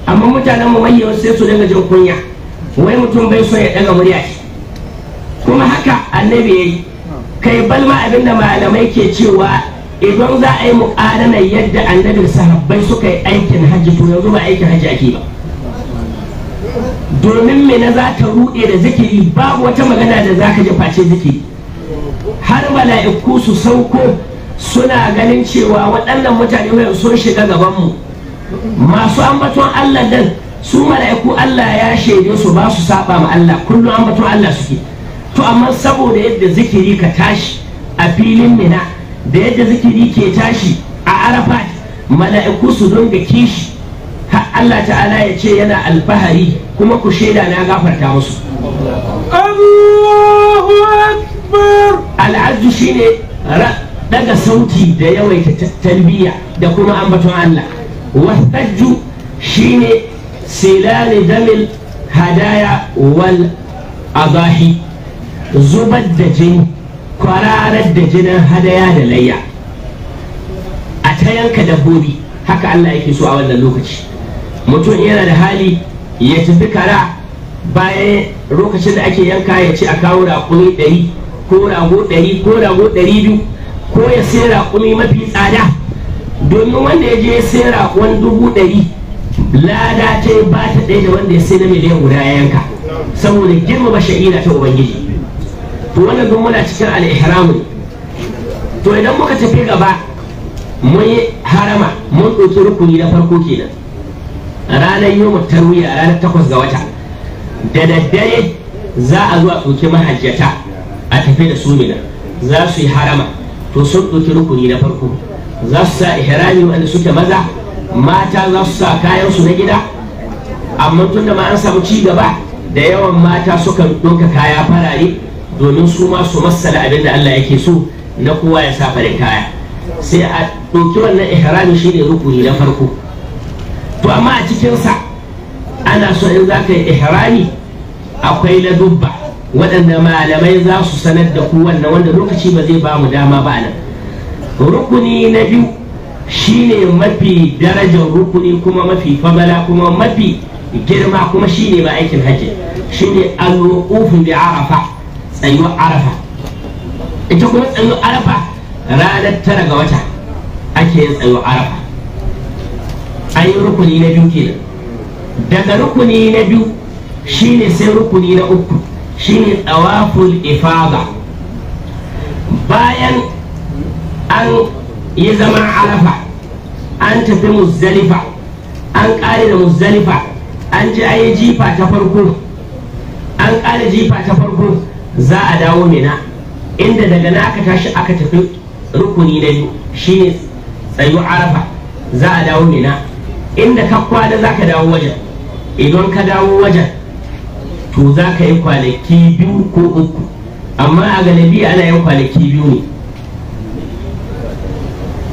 amma mutanen mu mai yawan sai su daga jin kunya wai mutum bai so ya daga murya shi kuma haka annabi yayi kai balma abinda malamai ke cewa idan za a yi muƙaranar yadda annabi sahabbai suka yi aikin hajji to yanzu ba aikin hajji ake ba domin me na za ta ruɗe da zikiri babu wata magana da za ka ji face zikiri har mala'iku su sauko suna ganin cewa waɗannan mutane mai sun shiga gabanmu masu ambaton Allah din su mala'iku Allah ya shaide su ba su saba ma Allah kullum ambaton Allah suke to amma saboda yadda zikiri ka tashi a filin mina da yadda zikiri ke tashi a arafat mala'iku su dinga kishi har Allah ta'ala ya ce yana alfahari kuma ku shaida na gafarta musu Allahu akbar al'adu shine daga sauti da yawaita talbiya da kuma ambaton Allah wastajju shine silali damil hadaya wal abahi zubar da jini kwararar da jinin hadaya da layya a ta yanka dabbobi haka Allah yake so a wannan lokaci mutum yana da hali ya tafi kara bayan lokacin da ake yanka ya ci a kawo raƙumi ɗari ko rago ɗari ko rago ɗari biyu ko ya sai raƙumi mafi tsada domin wanda ya je ya sai raƙon dubu ɗari lada ta ba ta ɗaya da wanda ya sai na miliyan guda yanka saboda girmama sha'ira ta ubangiji to wannan don muna cikin al'ihramu to idan muka tafi gaba mun yi harama mun ɗauki rukuni na farko kenan ranar yau wuya ranar takwas ga wata da daddare za a zuwa ɗauki mahajjata a tafi da su mina za su yi harama to sun ɗauki rukuni na farko za su sa ihrami wanda suke maza mata za su sa kayan su na gida amma tunda ma an samu ci gaba da yawan mata suka ɗauka kaya farare domin su ma su masala abin da Allah yake so na kowa ya sa farin kaya sai a ɗauki wannan ihrami shine rukuni na farko to amma a cikinsa ana so in za ka yi ihrami akwai na dubba waɗanda malamai za su sanar da ku wannan wanda lokaci ba zai ba mu dama ba nan rukuni na biyu shine mafi darajar rukuni kuma mafi fabala kuma mafi girma kuma shine ba aikin hajji shine al-wuqufu bi arafa tsayuwar arafa ita kuma tsayuwar arafa ranar tara ga wata ake yin tsayuwar arafa an yi rukuni na biyu kenan daga rukuni na biyu shine sai rukuni na uku shine tsawaful ifada bayan an yi zama arafa an tafi muzdalifa an ƙare da muzdalifa an ji an yi jifa ta farko an ƙare jifa ta farko za a dawo mina inda daga naka tashi aka tafi rukuni na biyu shine tsayu arafa za a dawo mina inda ka kwana za ka dawo wajen idan ka dawo wajen to za ka yi kwanaki biyu ko uku amma a galibi ana yin kwanaki biyu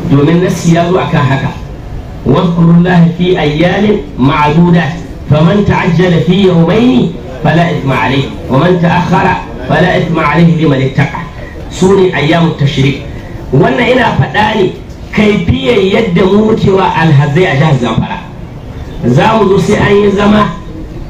ne domin nasi ya zo akan haka wadkurullahi fi ayyalin ma'adudat faman ta'ajjala fi yawmaini fala ithma alayhi wa man ta'akhkhara fala ithma alayhi liman ittaqa sune ayyamut tashrik wannan ina faɗa ne kaifiyar yadda mu mukewa alhazai a jihar zamfara za mu zo sai an yi zama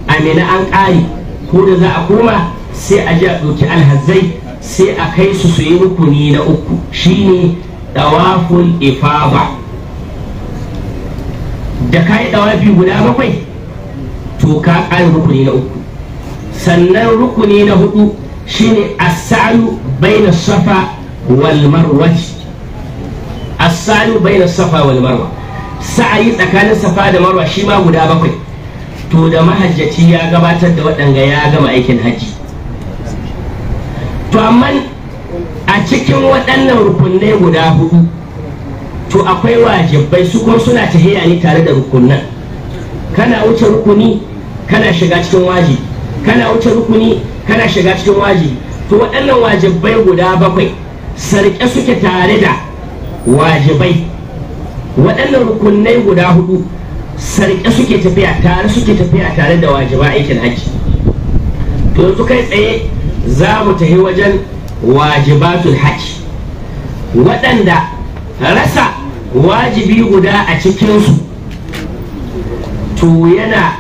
a mina an ƙari ko da za a koma sai a ji a ɗauki alhazai sai a kai su su yi rukuni na uku shine dawaful ifaba da ka yi dawafi guda bakwai to ka ƙara rukuni na uku sannan rukuni na hudu shine asalu baina safa wal marwa asalu baina safa wal marwa sa'ayi tsakanin safa da marwa shi ma guda bakwai to da mahajjaci ya gabatar da waɗanga ya gama aikin hajji to amma a cikin waɗannan rukunai guda hudu to akwai wajibai su kuma suna tahiya ne tare da rukunan kana wuce rukuni kana shiga cikin waji kana wuce rukuni kana shiga cikin waji to waɗannan wajibai guda bakwai sarƙe suke tare da wajibai waɗannan rukunai guda hudu sarƙe suke tafiya tare suke tafiya tare da wajiba aikin hajji to yanzu kai tsaye za mu tafi wajen wajibatul haki. waɗanda rasa wajibi guda a cikinsu to yana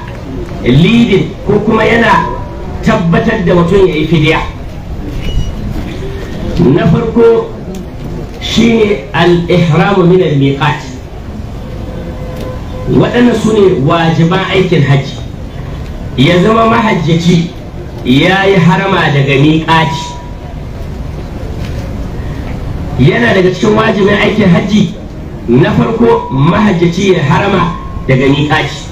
lidin ko kuma yana tabbatar da mutum ya yi fidiya na farko shine al-ihramu min al-miqat waɗanda su ne wajiban aikin hajji ya zama mahajjaci ya yi harama daga miƙaci yana daga cikin wajibin aikin hajji na farko mahajjaci ya harama daga miƙaci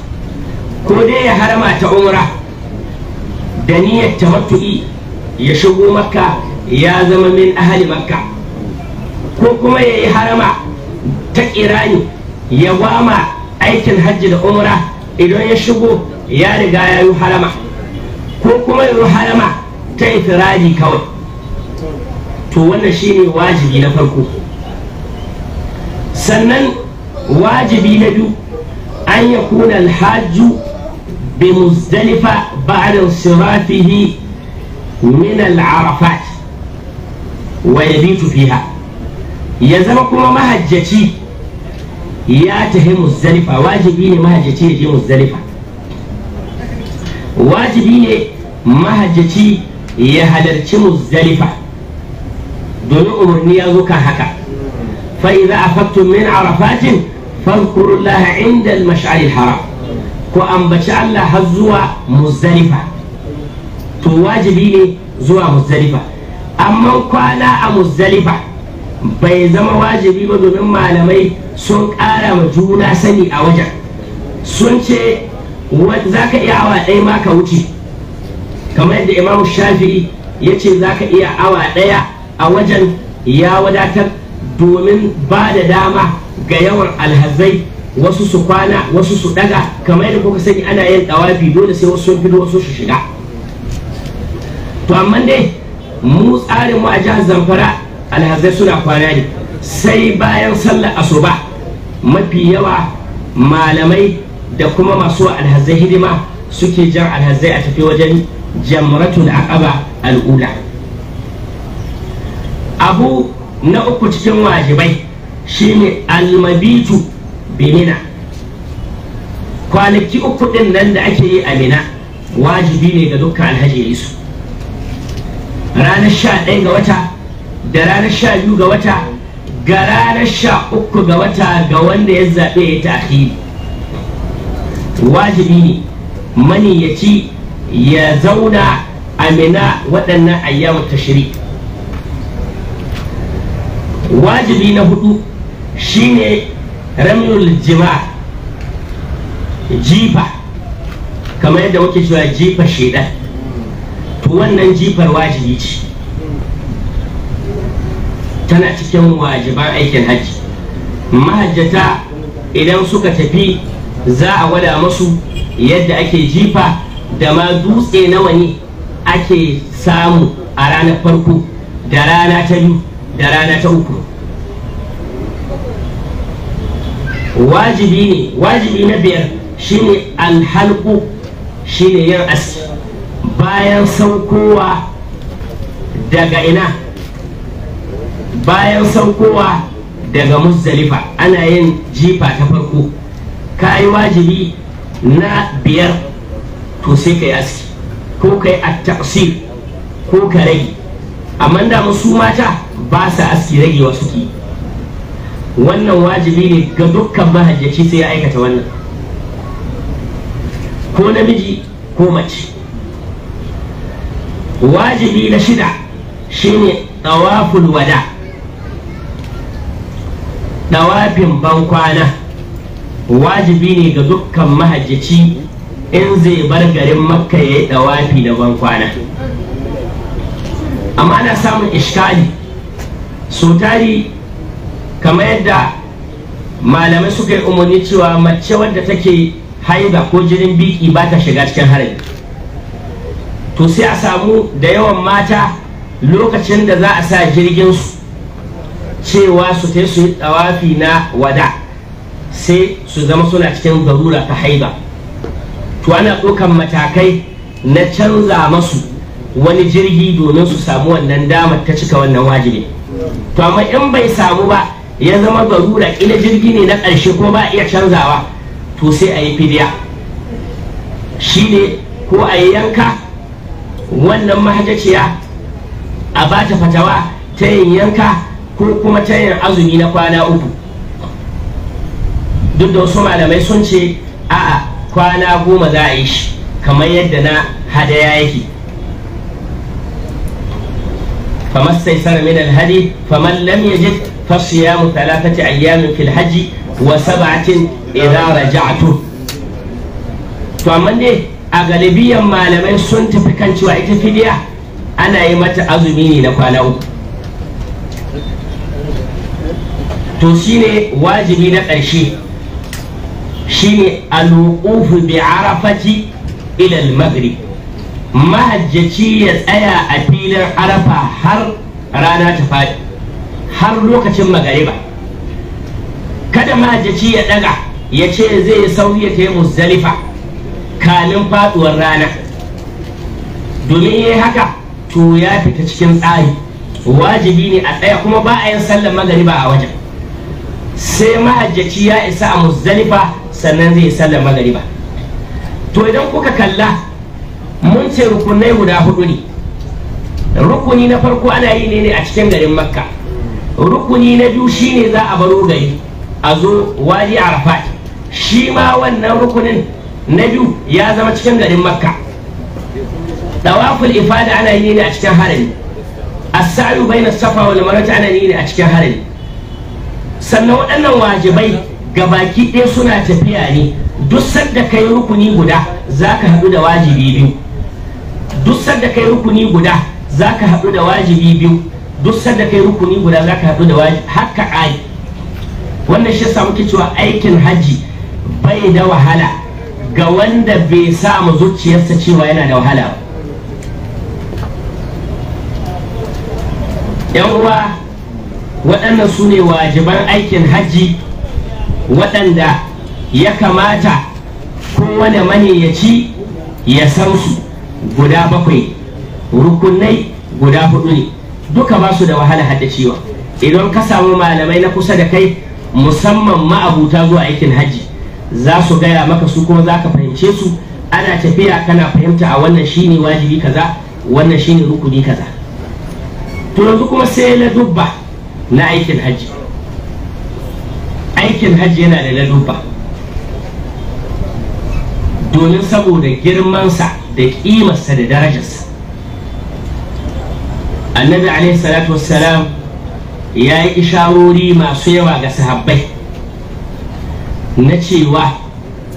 ko dai ya harama ta umra da niyyar matu'i ya shigo makka ya zama min ahali makka ko kuma ya yi harama ta irani ya wama aikin hajji da umra idan ya shigo ya riga ya yi harama ko kuma ya yi harama ta ifiradi kawai to wannan shine wajibi na farko sannan wajibi na biyu an ya kuna alhaju bi muzdalifa ba'da sirafihi min al wa yabitu fiha ya zama kuma mahajjaci ya tafi muzdalifa wajibi ne mahajjaci ya je muzdalifa wajibi ne mahajjaci ya halarci muzdalifa domin umarni ya zo kan haka fa idza afattum min arafatin fadhkurullaha inda al-haram ko ambaci Allah har zuwa muzdalifa to wajibi ne zuwa muzdalifa amma kwana a muzdalifa bai zama wajibi ba domin malamai sun ƙara ma juna sani a wajen sun ce za ka iya awa ɗaya ma ka wuce kamar yadda Imam shafi'i ya ce za ka iya awa ɗaya a wajen ya wadatar domin ba da dama ga yawan alhazai wasu su kwana wasu su daga kamar yadda kuka sani ana yin ɗawafi dole sai wasu sun fito wasu su shiga to amma dai mu tsarin mu a jihar zamfara alhazai suna kwana ne sai bayan sallar asuba mafi yawa malamai da kuma masu alhazai hidima suke jan alhazai a tafi wajen jamratul aqaba al'ula abu na uku cikin wajibai shine almabitu benina kwanaki uku ɗin nan da ake yi a mina wajibi ne ga dukkan alhaji su ranar sha ɗaya ga wata da ranar sha biyu ga wata ga ranar sha uku ga wata ga wanda ya zaɓe ya tafi wajibi ne mani ya ci, ya zauna a Minna waɗannan ta tashiri. wajibi na hudu shine ramyul jima jifa kamar yadda wake cewa jifa shaidar, to wannan jifar wajibi ce tana cikin wajiban aikin hajji mahajjata idan suka tafi za a gwada musu yadda ake jifa da ma dutse nawa ne ake samu a ranar farko da rana ta biyu da rana ta uku wajibi ne wajibi na biyar shine alhalku shine yin aski bayan saukowa daga ina bayan saukowa daga musdalifa ana yin jifa ta farko ka yi wajibi na biyar to sai ka yi aski ko ka yi taksir ko ka rage amma da su mata ba sa aski rage wasu ki wannan wajibi ne ga dukkan mahajjaci sai ya aikata wannan ko namiji ko mace wajibi na shida shine tawaful wada' Ɗawafin ban kwana wajibi ne ga dukkan mahajjaci in zai bar garin makka ya yi dawafi da bankwana amma ana samun ishkali so tari kamar yadda malamai suka yi umarni cewa mace wadda take haida ko jirin biki ba ta shiga cikin harin to sai a samu da yawan mata lokacin da za a sa jirgin su cewa su sai su yi tsawafi na wada sai su zama suna cikin garura ta haiba to ana ɗaukan matakai na canza masu wani jirgi domin su samu wannan damar ta cika wannan wajibi to amma in bai samu ba ya zama garura ƙila jirgi ne na ƙarshe kuma ba a iya canzawa to sai a yi fidiya shi ne ko a yi yanka wannan mahajaciya a ba ta fatawa ta yin yanka ko kuma ta azumi na kwana uku duk da wasu malamai sun ce 'A'a a kwana goma za a yi shi kamar yadda na hadaya yake famassai sana min alhadi faman lam yajid fa siyamu talatati ayyamin fil wa sab'atin idha raja'tu to amma ne a galibiyan malamai sun tafi kan cewa ita fidiya ana yi mata azumi ne na kwana uku to shine wajibi na ƙarshe shine al-wuqufu bi arafati ila al-maghrib mahajjaci ya tsaya a filin arafa har rana ta faɗi har lokacin magariba kada mahajjaci ya ɗaga ya ce zai sauya ta yi muzalifa kamin faɗuwar rana domin yi haka to ya fita cikin tsari wajibi ne a tsaya kuma ba a yin sallar magariba a wajen sai mahajjaci ya isa a muzdalifa sannan zai sallar magariba to idan kuka kalla mun ce rukunai guda hudu ne rukuni na farko ana yi ne a cikin garin makka rukuni na biyu shine za a baro gari a zo a arafat shi ma wannan rukunin na biyu ya zama cikin garin makka dawaful ifada ana yi ne a cikin harami as-sa'yu bayna safa wal marwa ana yi ne a cikin harami sannan waɗannan wajibai ga baki ɗaya suna tafiya ne duk sadda kai rukuni guda za ka haɗu da wajibi biyu duk sadda kai rukuni guda za ka haɗu da wajibi biyu duk sadda kai rukuni guda za ka haɗu da wajibi haka ai wannan shi sa muke cewa aikin hajji bai da wahala ga wanda bai sa mu zuciyarsa cewa yana da wahala yan uwa waɗannan su ne wajiban aikin hajji waɗanda ya kamata kowane maniyaci ya san su guda bakwai rukunai guda hudu ne duka ba su da wahala hada idan ka samu malamai na kusa da kai musamman ma'abuta zuwa aikin hajji za su gaya maka su kuma za ka fahimce su ana tafiya kana fahimta a wannan shine wajibi kaza wannan shine rukuni kaza to yanzu kuma sai na dubba na aikin hajji aikin hajji yana da lalubba domin saboda girmansa da ƙimarsa da darajarsa annabi alaihi salatu wassalam ya yi isharori masu yawa ga sahabbai na cewa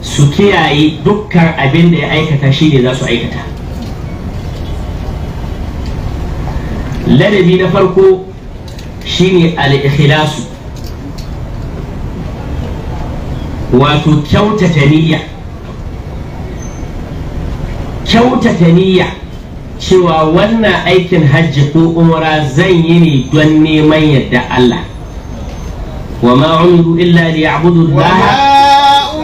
su kiyaye dukkan abin da ya aikata shi ne za su aikata ladabi na farko shine al-ikhlasu to kyautata niyya kyautata niyya cewa wannan aikin hajji ko umra zan yi ne don neman yadda Allah وما إلا ma الله وما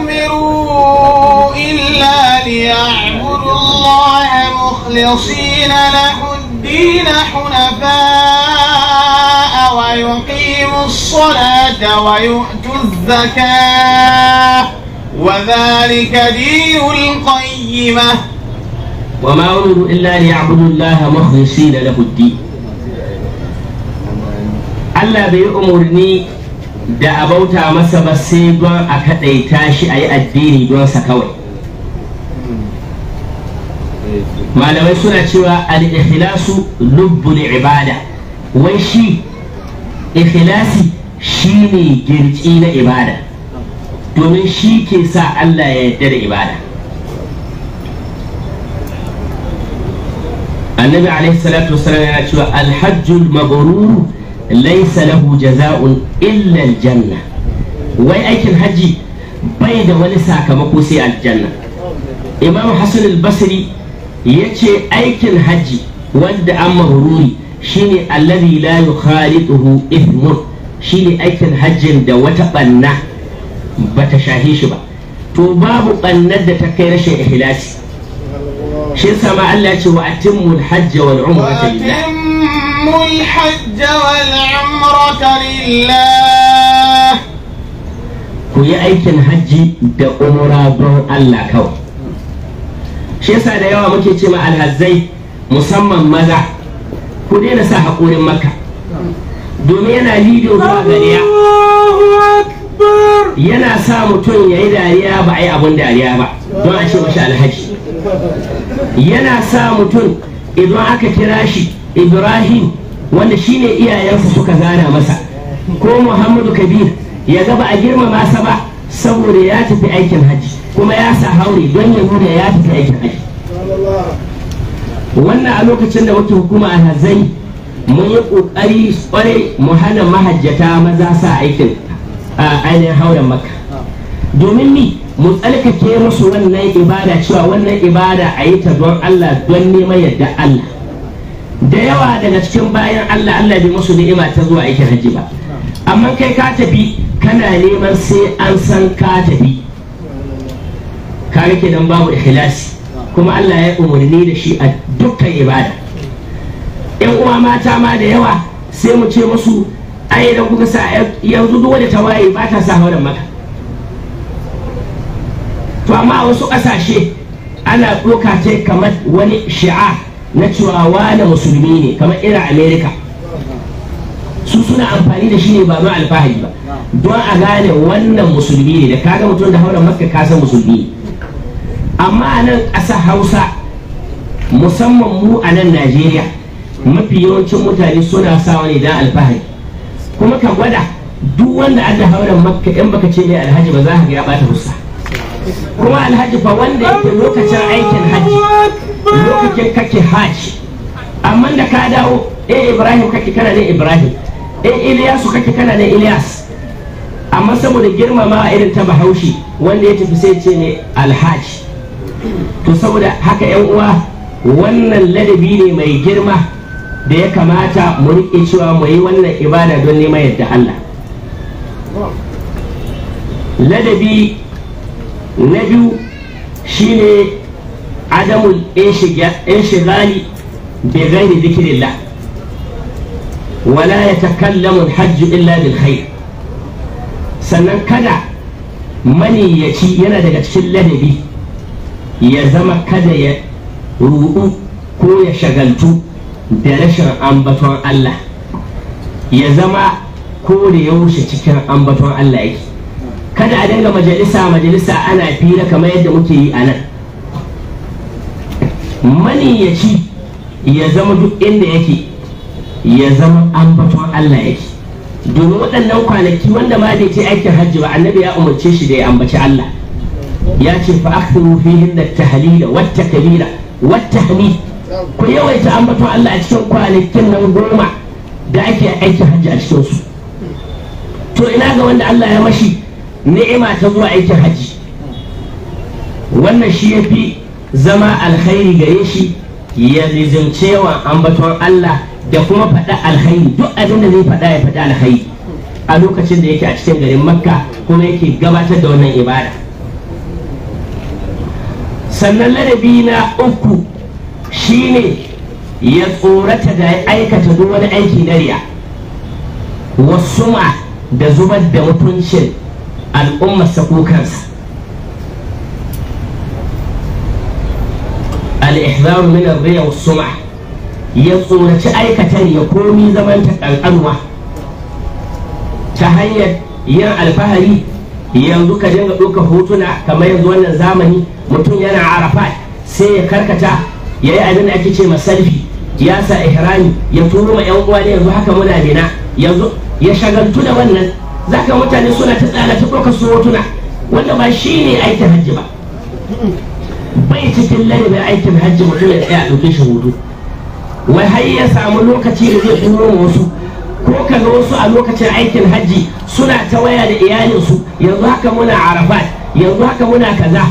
liya'budu إلا ليعبدوا الله مخلصين له الدين حنفاء ويقيم الصلاة ويؤتوا الزكاة وذلك دين القيمة وما أمروا إلا أن يعبدوا الله مخلصين له الدين ألا بيؤمرني دا أبوتا مسا بسيبان أكتئتاشي أي أديني دون سكوي ما لو سنة شوى الإخلاص لب العبادة وشي ikhlasi shine girki na ibada domin shi ke sa Allah ya yarda da ibada annabi alaihi salatu wasallam ya cewa alhajjul mabrur laysa lahu jaza'un illa aljanna wai aikin haji bai da wani sakamako sai aljanna imam hasan al-basri yace aikin haji wanda an mabruri shine allazi la yukhalituhu ithmun shine aikin hajjin da wata banna bata shahi shi ba to babu bannar da ta kai rashin ihlasi Shin sama Allah ce wa atimmu al wal umrata lillah الحج والعمرة لله ku yi aikin hajji da umra don Allah kawai shi yasa da yawa muke ce ma alhazzai musamman maza ku daina sa haƙorin makka domin yana lido zuwa dariya yana sa mutum ya yi dariya ba a yi abun dariya ba don a ce mashi alhaji yana sa mutum idan aka kira shi ibrahim wanda shine iyayensa suka zana masa ko muhammadu kabir ya gaba a girmama sa ba saboda ya tafi aikin hajji kuma ya sa haure don ya nuna ya tafi aikin hajji wannan a lokacin da wata hukuma a hazai mun yi ƙoƙari tsare mu hana mahajjata maza sa aikin a ainihin hauren maka domin ni mu tsarkake musu wannan ibada cewa wannan ibada a yi ta don Allah don neman yadda Allah da yawa daga cikin bayan Allah Allah bai musu ni'ima ta zuwa aikin hajji ba amma kai ka tafi kana neman sai an san ka tafi ka don babu ikhlasi kuma Allah ya umarni da shi a dukkan ibada yan uwa mata ma da yawa sai mu ce musu ai idan kuka sa yanzu duk wanda ta waye ba ta sa hauren maka to amma wasu kasashe ana doka ta kamar wani shi'a na cewa wani musulmi ne kamar irin america su suna amfani da shi ne ba don alfahari ba don a gane wannan musulmi ne da kaga mutum da hauren maka ka musulmi ne amma a nan ƙasar hausa musamman mu a nan najeriya mafi yawancin mutane suna sawa ne don alfahari kuma ka gwada duk wanda an da hauren makka in baka ce ne alhaji ba za ka ya bata hussa kuma alhaji fa wanda yake lokacin aikin haji lokacin kake haji amma da ka dawo eh ibrahim kake kana ne ibrahim eh iliyasu kake kana ne iliyas amma saboda girmama a irin ta bahaushe wanda ya tafi sai ce ne alhaji to saboda haka yan uwa wannan ladabi ne mai girma da ya kamata mu riƙe cewa mu yi wannan ibada don neman yadda Allah ladabi na biyu shine adamul inshigali bi ghairi La, wala yatakallamu mun hajj illa bil khair sannan kada maniyyaci yana daga cikin ladabi ya zama kada ya ruɗu ko ya shagaltu da rashin ambaton Allah ya zama ko da ya wuce cikin ambaton Allah yake kada a dinga majalisa majalisa ana fira kamar yadda muke yi a nan maniyaci ya zama duk inda yake ya zama ambaton Allah yake domin waɗannan kwanaki wanda ma da ce aikin hajji ba annabi ya umarce shi da ya ambaci Allah ya ce fa akthiru fihin da tahlila wata takbira wata ku yawaita ambaton Allah a cikin kwanakin nan goma da ake aiki hajji a cikin su to ina ga wanda Allah ya mashi ni'ima ta zuwa aikin hajji wannan shi ya fi zama alkhairi gare shi ya rizimce yawan ambaton Allah da kuma faɗa alkhairi duk abin da zai faɗa ya faɗa alkhairi a lokacin da yake a cikin garin makka kuma yake gabatar da wannan ibada sannan ladabi na uku shine ya tsorata da ya aikata duk wani aiki na riya wasu ma da zubar da mutuncin al'ummar sakokansa. kansa al'ihzaru min riya wasu ma ya tsoraci aikatar ya komi zaman ta ƙanƙanwa ta hanyar yin alfahari yanzu ka dinga ɗauka hotuna kamar yanzu wannan zamani mutum yana arafat sai ya karkata ya yi abin da ake ce masalfi ya sa ihrami ya turu ma yan uwa da yanzu haka muna bina yanzu ya shagaltu da wannan zaka mutane suna ta tsala ta ɗaukar hotuna wanda ba shi ne aikin hajji ba bai cikin ladabin aikin hajji mutum ya tsaya ɗauke shi hoto wai har ya samu lokaci da zai turo wasu ko ka ga wasu a lokacin aikin hajji suna ta waya da iyalinsu yanzu haka muna arafat yanzu haka muna kaza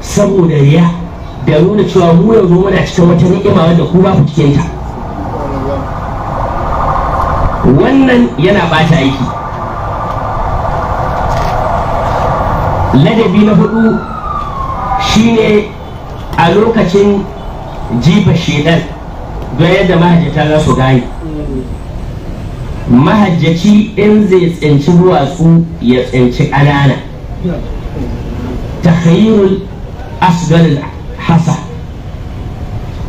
saboda riya da nuna cewa mu yanzu muna cikin wata ni'ima wanda ku ba ku cikin ta wannan yana bata aiki ladabi na hudu shine a lokacin jifa shedan don yadda mahajjata za su gane mahajjaci in zai tsinci duwatsu ya tsinci ƙanana tahayyul asgalil hasa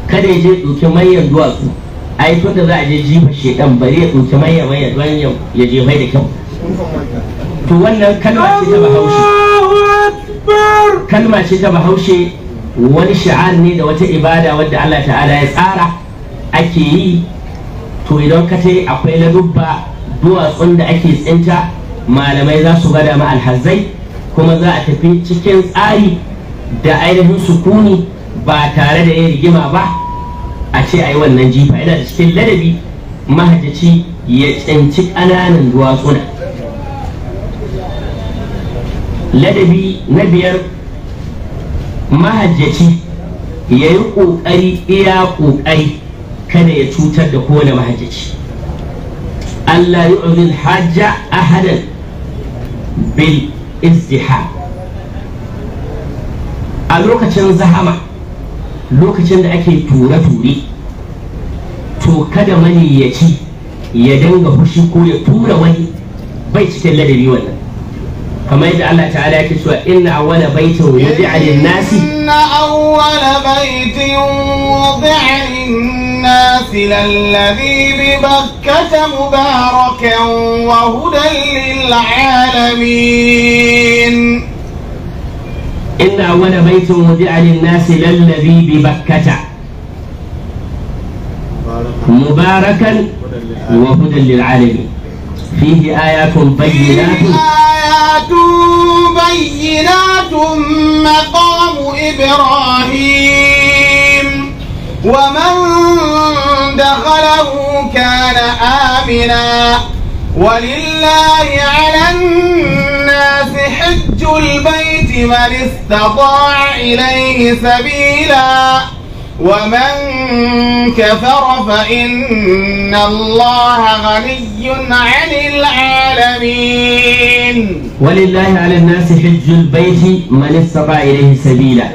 kada ya je ɗauki manyan duwatsu ai tun da za a je jifa shedan bari ya ɗauki manyan manyan duwatsu ya je mai da kyau to wannan kalma ce ta bahaushe kalma ce ta bahaushe wani sha'ar ne da wata ibada wadda Allah ta'ala ya tsara ake yi to idan ka ce akwai ladubba duwatsun da ake tsinta malamai za su gada ma alhazai kuma za a tafi cikin tsari da ainihin sukuni ba tare da ya rigima ba a ce a yi wannan jifa yana da cikin ladabi mahajjaci ya tsinci ƙananan duwatsuna ladabi na biyar mahajjaci ya yi ƙoƙari iya ƙoƙari kada ya cutar da kowane mahajjaci Allah yu'zil hajja ahadan bil izdihab a lokacin zahama lokacin da ake ture-ture to kada maniyaci ya danga fushi ko ya tura wani bai cikin ladabi wannan kamar yadda Allah ta'ala yake cewa inna awwala baitin wudi'a lin-nasi inna awwala baitin wudi'a lin-nasi lalladhi bi bakkata mubarakan wa hudan lil-alamin إن أول بيت وضع للناس للذي ببكة مباركا وهدى للعالمين فيه آيات بينات آيات بينات مقام إبراهيم ومن دخله كان آمنا ولله على الناس حج البيت من استطاع إليه سبيلا ومن كفر فإن الله غني عن العالمين ولله على الناس حج البيت من استطاع إليه سبيلا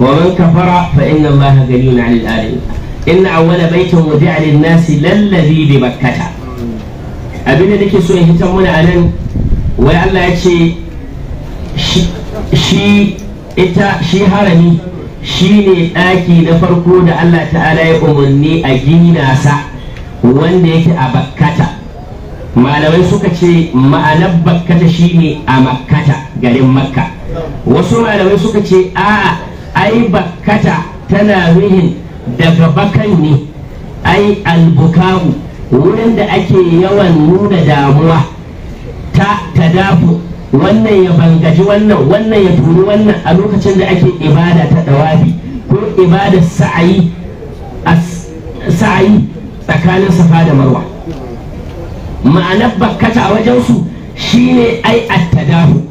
ومن كفر فإن الله غني عن العالمين إن أول بيت وجعل للناس للذي بمكة abin da nake so in hitan muna a nan wai Allah ya ce shi ita shi harami shi ne ɗaki na farko da Allah ta'ala ya umarni a gina sa wanda yake a bakkata malamai suka ce ma'anar bakkata shi ne a makkata garin makka wasu malamai suka ce a ai bakkata tana nuhin daga bakan ne ai albukamu wurin da ake yawan nuna damuwa ta tadafu wannan ya bangaji wannan wannan ya turi wannan a lokacin da ake ibada ta dawafi ko ibada sa'ayi sa'ayi tsakanin safa da marwa ma'anar bakkata a wajensu shine ai attadahu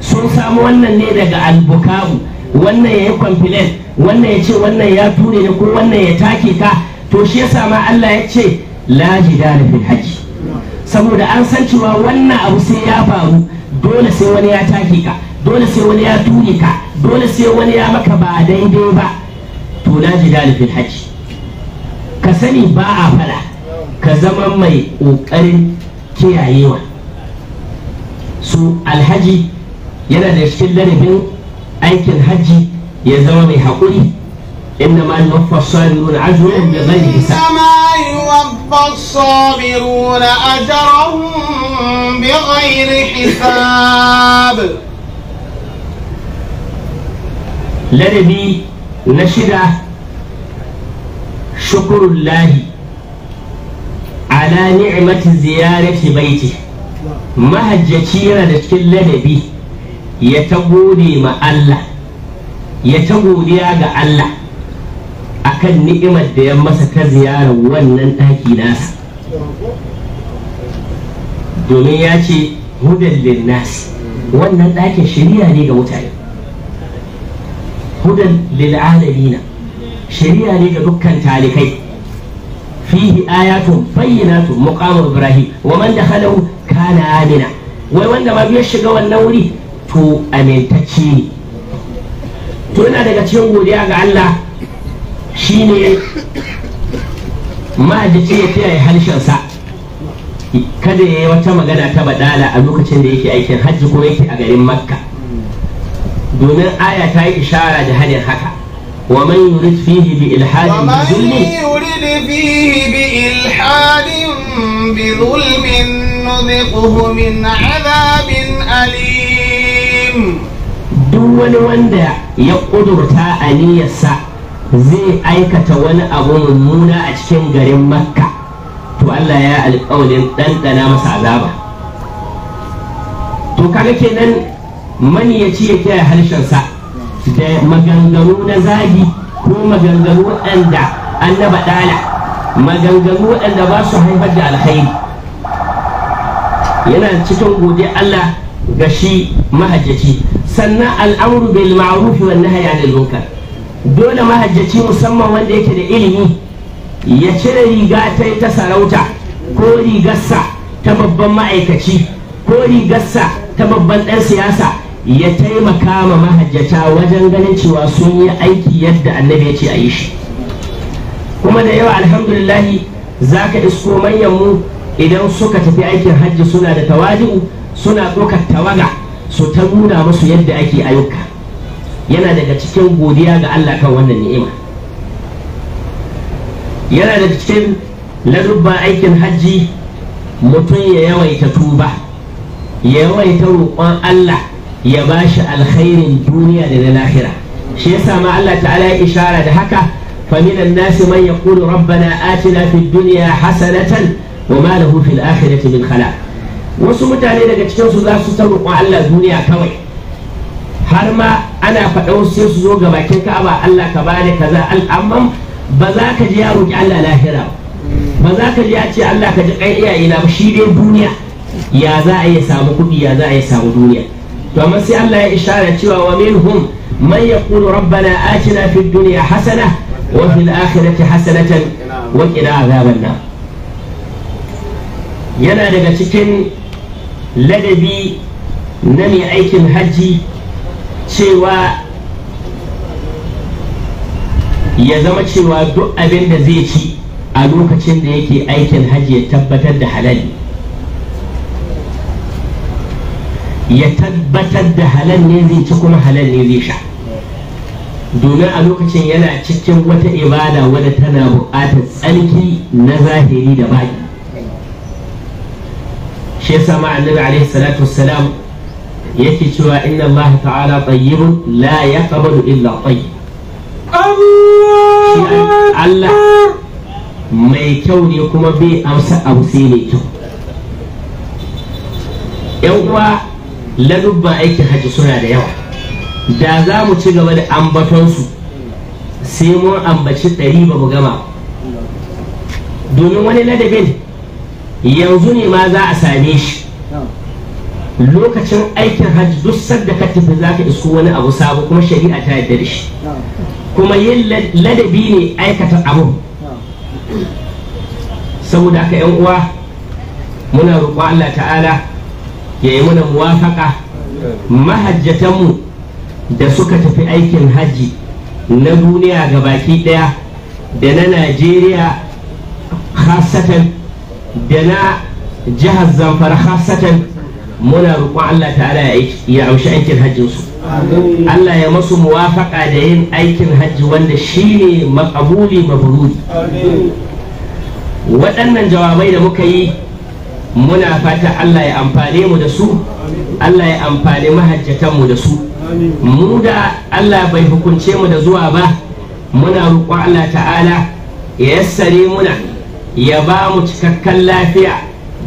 sun samu wannan ne daga albukamu wannan ya yi kwamfilen wannan ya ce wannan ya ture ne ko wannan ya take ka to shi ya ma Allah ya ce la jidala fil haji saboda an san cewa wannan abu sai ya faru dole sai wani ya take ka dole sai wani ya tuni ka dole sai wani ya maka ba daidai ba to la jidala fil haji ka sani ba a fada ka zama mai kokarin kiyayewa su alhaji yana da cikin ladabin aikin hajji ya zama mai haƙuri إنما يوفى الصابرون أجرهم بغير حساب إنما يوفى الصابرون أجرهم بغير حساب لنبي نشد شكر الله على نعمة زيارة بيته ما yana لكل cikin يتقولي ما الله يتقولي ma الله. akan ni'imar da ya masa ta ziyarar wannan ɗaki nasa domin ya ce hudan linnas wannan ɗakin shari'a ne ga mutane hudan lil'alamina shari'a ne ga dukkan talikai fihi ayatun tun muqamar ibrahim wa man dakhalahu kana amina wai wanda ma biyar shiga wannan wuri to amintacce ne to yana daga cikin godiya ga Allah shine mahaddaci ya kiyaye harshensa kada ya yi wata magana ta badala a lokacin da yake aikin hajji kuma yake a garin makka domin aya ta yi ishara da hadin haka wa man yurid fihi bi ilhadin bi zulmin min alim duk wani wanda ya kudurta aniyarsa zai aikata wani abu mummuna a cikin garin makka to Allah ya alƙawarin ɗanɗana masa azaba to kaga kenan Mani ya ci harshen sa, da maganganu na zagi ko maganganu waɗanda annaba ɗala maganganu waɗanda ba su haifar da alkhairi yana cikin godiya Allah ga shi mahajjaci sannan al'amru bil ma'ruf wan nahyi anil munkar dole mahajjaci musamman wanda yake da ilimi ya cire riga ta ta sarauta ko rigarsa ta babban ma'aikaci ko rigarsa ta babban ɗan siyasa ya taimaka ma mahajjata wajen ganin cewa sun yi aiki yadda annabi ya ce a yi shi kuma da yawa alhamdulillahi za ka isko manyan mu idan suka tafi aikin hajji suna da tawadu suna ɗaukar tawaga su ta nuna musu yadda ake ayyuka yana daga cikin godiya ga Allah kan wannan ni'ima yana daga cikin larubba aikin hajji mutum ya yawaita tuba ya yawaita roƙon Allah ya ba shi alkhairin duniya da na lahira shi yasa ma Allah ta'ala ya ishara da haka فمن الناس من يقول ربنا آتنا في الدنيا حسنة وما له في الآخرة من خلاق wasu mutane daga cikinsu za su ta roƙon Allah duniya kawai har ma ana faɗa sai su zo ga bakin ka'aba Allah ka bada kaza amma ba za ka ji ya roki Allah lahira ba za ka ji ya ce Allah ka ji kai iyayena ba shi dai duniya ya za a yi samu kuɗi ya za a yi samu duniya to amma sai Allah ya ishara cewa wa minhum man yaqulu rabbana atina fid dunya hasana wa fil akhirati hasanatan wa qina azaban yana daga cikin ladabi na mai aikin hajji cewa ya zama cewa duk abin da zai ci a lokacin da yake aikin hajji ya tabbatar da halal ya tabbatar da halal ne zai ci kuma halal ne zai sha domin a lokacin yana cikin wata ibada wadda tana buƙatar tsarki na zahiri da baki. shi yasa ma'annabi annabi alaihi salatu wassalam yake cewa inna Allah ta'ala tayyibun la yaqbalu illa tayyib Allah mai kyau ne kuma bai amsa abu sai mai kyau yan uwa ladubba aikin hajji suna da yawa da za mu ci gaba da ambatonsu sai mun ambaci ɗari ba mu gama domin wani ladabin yanzu ne ma za a same shi lokacin aikin hajji duk sanda ka tafi za ka isko wani abu sabo kuma shari'a ta yadda da shi kuma yin ladabi ne aikata abu saboda haka yan uwa muna roƙo Allah ta'ala ya yi mana muwafaka mahajjatanmu da suka tafi aikin hajji na duniya ga baki ɗaya da na najeriya khasatan da na jihar zamfara khasatan muna roƙon Allah ta'ala ya amshi aikin hajjin su Allah ya masu muwafaƙa da yin aikin hajji wanda shine makabuli mabruri waɗannan jawabai da muka yi muna fata Allah ya amfane mu da su Allah ya amfane mahajjatanmu da su mu da Allah bai hukunce mu da zuwa ba muna roƙon Allah ta'ala ya yassare muna ya ba mu cikakken lafiya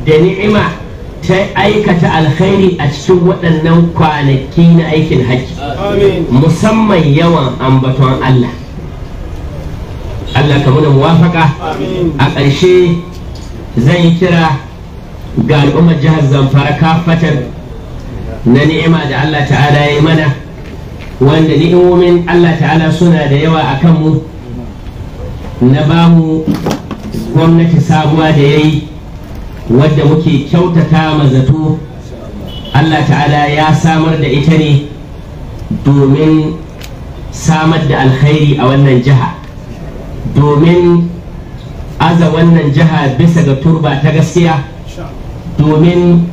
da ni'ima sai aikata alkhairi a cikin waɗannan kwanaki na aikin haƙƙi. musamman yawan ambaton Allah Allah ka muna muwafaka a ƙarshe zan yi kira ga al'ummar jihar zamfara kafatar na ni'ima da Allah ta'ala ya yi mana wanda ni'imomin Allah ta'ala suna da yawa a kanmu na bamu gwamnati sabuwa da ya yi wadda muke kyautata mazato Allah ta'ala ya samar da ita ne domin samar da alkhairi a wannan jiha domin aza wannan jiha bisa ga turba ta gaskiya domin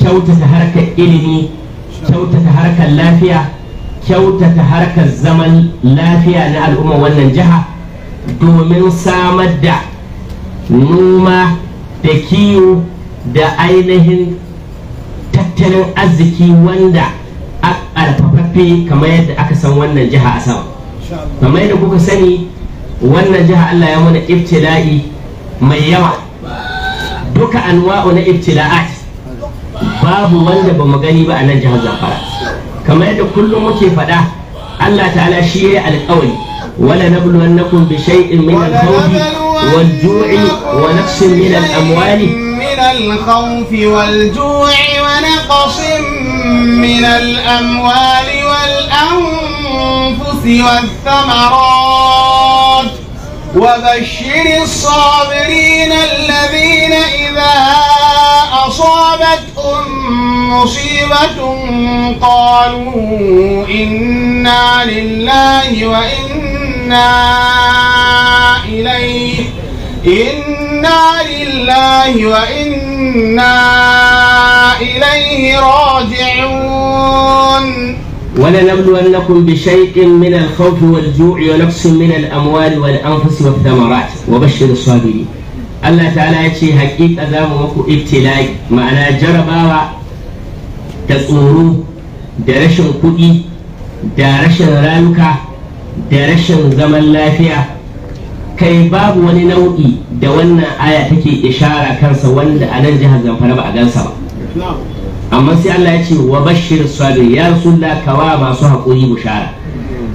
kyautata harkar ilimi kyautata harkar lafiya kyautata harkar zaman lafiya na al'umma wannan jiha domin samar da noma da kiwo da ainihin tattalin arziki wanda a ƙarfafaffe kamar yadda aka san wannan jiha a sama kamar yadda kuka sani wannan jiha Allah ya mana ibtila'i mai yawa duka anwa'u na ibtila'at babu wanda ba mu gani ba a nan jihar Zamfara kamar yadda kullum muke faɗa Allah ta'ala shi ya yi alƙawari wala na bi shay'in min al والجوع ونقص من الأموال من الخوف والجوع ونقص من الأموال والأنفس والثمرات وبشر الصابرين الذين إذا أصابتهم مصيبة قالوا إنا لله وإنا إنا إليه إنا لله وإنا إليه راجعون ولنبلونكم بشيء من الخوف والجوع ونقص من الأموال والأنفس والثمرات وبشر الصابرين Allah ta'ala ya ce hakika za mu muku ibtila'i ma'ana jarabawa da tsoro da rashin kuɗi da rashin rayuka da rashin zaman lafiya kai babu wani nau'i da wannan aya take ishara kansa wanda a nan jihar zamfara ba a gansa ba amma sai Allah ya ce wa bashir sabir ya rasulullah kawa masu haƙuri bushara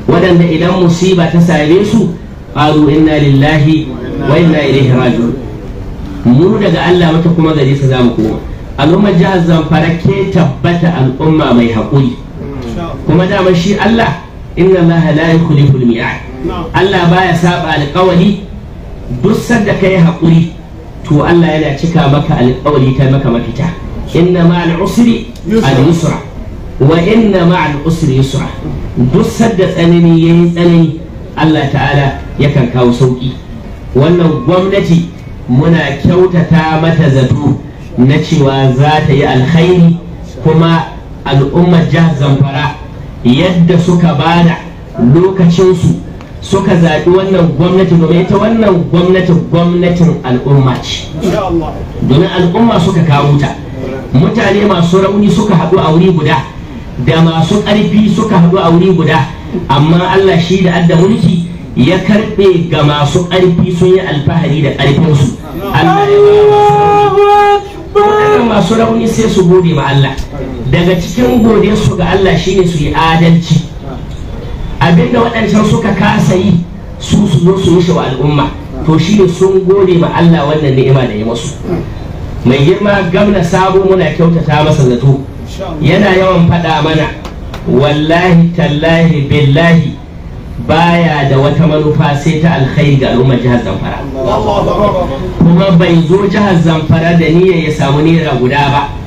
waɗanda idan musiba ta same su qalu inna lillahi wa inna ilaihi raji'un mu daga Allah mata kuma gare sa zamu koma al'ummar jihar zamfara ke tabbata al'umma mai haƙuri kuma dama shi Allah inna allaha la yukhlifu al-mi'ad Allah baya saba alƙawari duk sanda kai haƙuri to Allah yana cika maka alƙawari kai maka mafita inna ma al-usri wa inna ma al yusra duk sanda tsanani yayi tsanani Allah ta'ala yakan kawo sauki wannan gwamnati muna kyautata mata zato na cewa za ta yi alkhairi kuma al'ummar jihar Zamfara yadda suka bada lokacinsu suka zaɓi wannan gwamnati domin ita wannan gwamnati gwamnatin al'umma ce domin al'umma suka kawo ta mutane masu rauni suka haɗu a wuri guda da masu ƙarfi suka haɗu a wuri guda amma Allah shi da adda mulki ya karɓe ga masu ƙarfi sun yi alfahari da ƙarfinsu Allah ya ba masu rauni sai su gode ma Allah daga cikin su ga Allah shine su yi adalci abinda waɗancan suka kasa yi su su zo su wa al'umma to shine sun gode ma Allah wannan ni'ima da ya masu mai girma gamna sabo muna kyautata masa zato yana yawan faɗa mana wallahi tallahi billahi baya da wata manufa sai ta alkhairi ga al'ummar jihar zamfara kuma bai zo jihar zamfara da niyyar ya samu naira guda ba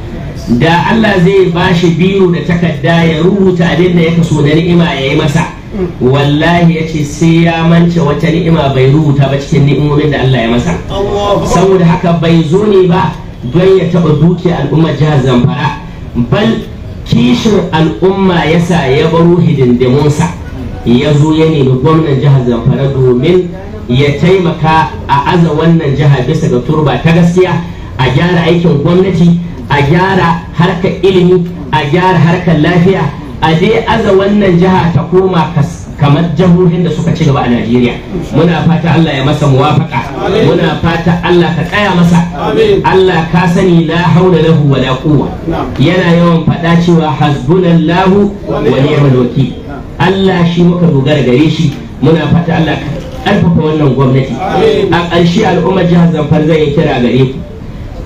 da Allah zai ba shi biro da takarda ya rubuta abin da ya kaso da ni'ima ya yi masa wallahi ya ce sai ya mance wata ni'ima bai rubuta ba cikin ni'imomin da Allah ya masa saboda haka bai zo ne ba don ya taɓa dukiya al'ummar jihar zamfara bal kishin al'umma ya sa ya baro hidindimunsa ya zo ya nemi gwamnan jihar zamfara domin ya taimaka a aza wannan jiha bisa ga turba ta gaskiya a gyara aikin gwamnati a gyara harkar ilimi a gyara harkar lafiya a je aza wannan jiha ta koma kamar jahohin da suka ci gaba a Najeriya muna fata Allah ya masa muwafaka muna fata Allah ka tsaya masa Allah ka sani la haula lahu wala quwwa yana yawan fada cewa hasbunallahu wa ni'mal wakil Allah shi muka dogara gare shi muna fata Allah ka karfafa wannan gwamnati a ƙarshe al'ummar jihar zamfar zai kira gare ku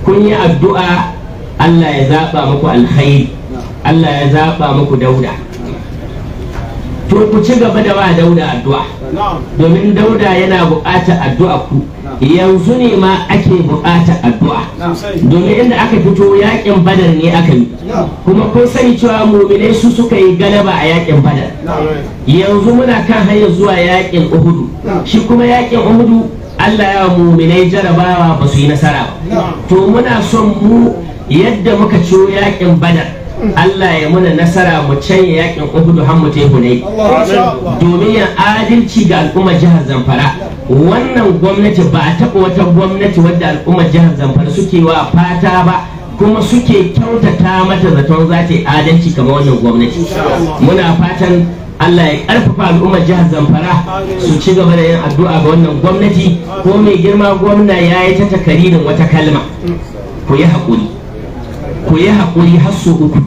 kun yi addu'a Allah ya zaba muku alkhairi Allah ya zaba muku dauda to ku ci gaba da wa dauda addu'a domin dauda yana buƙatar addu'a ku yanzu ne ma ake buƙatar addu'a domin inda aka fito yakin badar ne aka yi kuma kun sani cewa mumine su suka yi galaba a yakin badar yanzu muna kan hanyar zuwa yakin uhudu shi kuma yakin uhudu Allah ya muminai jarabawa ba su yi nasara ba to muna son mu yadda muka ciwo yakin badar Allah ya muna nasara mu canye yakin Uhudu har mu tehu ne domin ya adalci ga al'ummar jihar Zamfara wannan gwamnati ba a taɓa wata gwamnati wadda al'ummar jihar Zamfara suke wa fata ba kuma suke kyautata mata zaton za ta yi adalci kamar wannan gwamnati muna fatan Allah ya karfafa al'ummar jihar Zamfara su ci gaba da yin addu'a ga wannan gwamnati ko mai girma gwamna ya yi ta takaririn wata kalma ku yi haƙuri ku yi haƙuri har su uku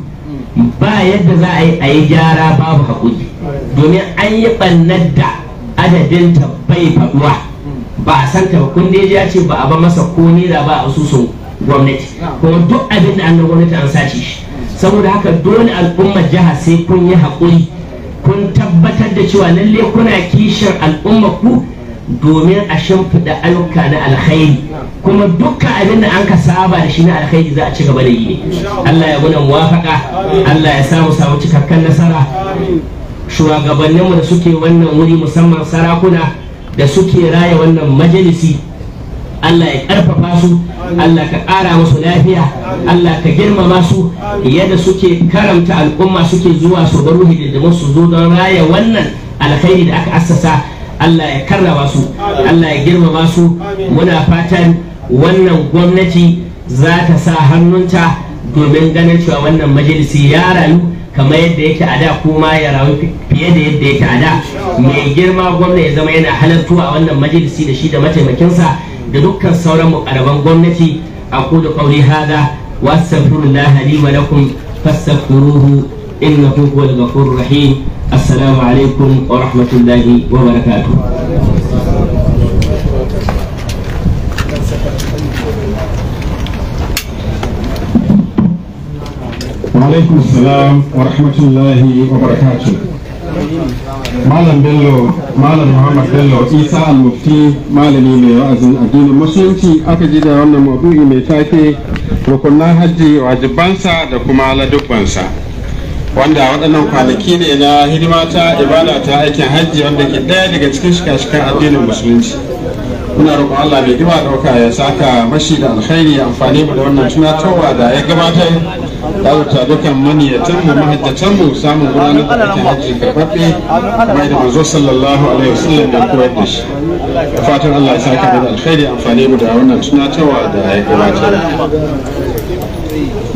ba yadda za a yi a yi gyara babu haƙuri domin an yi ɓannar da adadinta bai faɗuwa ba a san ta kun dai ya ce ba a ba masa ko naira ba a asusun gwamnati kuma duk abin da an gwamnati an sace shi saboda haka dole al'ummar jiha sai kun yi haƙuri kun tabbatar da cewa lalle kuna kishin al'ummar ku domin a shimfiɗa ayyuka na alkhairi kuma dukkan abin da an ka saba da shi na alkhairi za a ci gaba da yi ne Allah ya guna muwafaka Allah ya samu samu cikakken nasara shugabanninmu da suke wannan wuri musamman sarakuna da suke raya wannan majalisi Allah ya ƙarfafa su Allah ka ƙara musu lafiya Allah ka girmama su yadda suke karanta al'umma suke zuwa su baro hidindimu su zo don raya wannan alkhairi da aka assasa Allah ya karrama su Allah ya girmama su muna fatan wannan gwamnati za ta sa hannunta domin ganin cewa wannan majalisi ya rayu kamar yadda yake a da kuma ya rayu fiye da yadda yake a da mai girma gwamna ya zama yana a wannan majalisi da shi da mataimakinsa da dukkan sauran mukarraban gwamnati a kudu kauri hada wa astaghfirullah wa lakum innahu huwal ghafurur rahim assalamu alaikum wa rahmatullahi wa barakatu alaikum salam wa rahmatullahi wa barakatu malam bello malam muhammad bello isa al-mufti malami mai wa'azin addinin musulunci aka ji da wannan mabu'i mai take rukunan hajji wajibansa da kuma ladubbansa wanda waɗannan kwanaki ne na hidima ta ibada ta aikin hajji wanda ke ɗaya daga cikin shika-shikan addinin musulunci muna roƙon Allah mai gima ɗauka ya saka mashi da alkhairi amfani mu da wannan tunatarwa da ya gabatar da wuta dukkan maniyatan mu mahajjatan mu samun gudanar da aikin hajji karɓaɓɓe mai da manzo sallallahu alaihi wasallam ya koyar da shi fatan Allah ya saka da alkhairi amfani mu da wannan tunatarwa da ya gabatar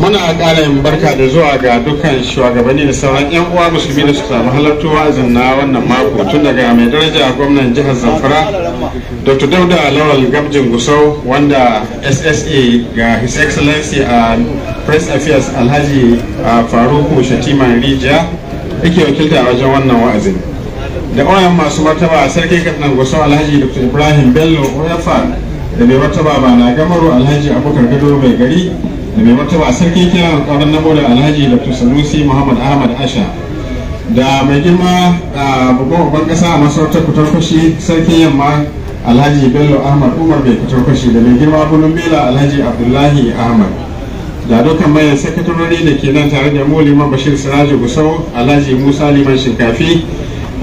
muna kara yin barka da zuwa ga dukkan shugabanni da sauran 'yan uwa musulmi da su samu halartu wazin na wannan mako tun daga mai daraja gwamnan jihar zamfara dr dauda lawal gabjin gusau wanda ssa ga his excellency a press affairs alhaji faruku shatiman rijiya yake wakilta a wajen wannan wa'azin da ƙwayan masu martaba a sarki kaɗan gusau alhaji dr ibrahim bello oyafa da mai martaba ba na gamaru alhaji abubakar gado mai gari da mai martaba sarkin kiran ƙauran namo da alhaji da sanusi muhammad ahmad asha da mai girma a babban babban ƙasa a masarautar kushi sarkin yamma alhaji bello ahmad umar mai kushi da mai girma gudun bela alhaji abdullahi ahmad da dukkan mayan sakatarori da ke nan tare da mu ma bashir siraju gusau alhaji musa liman shinkafi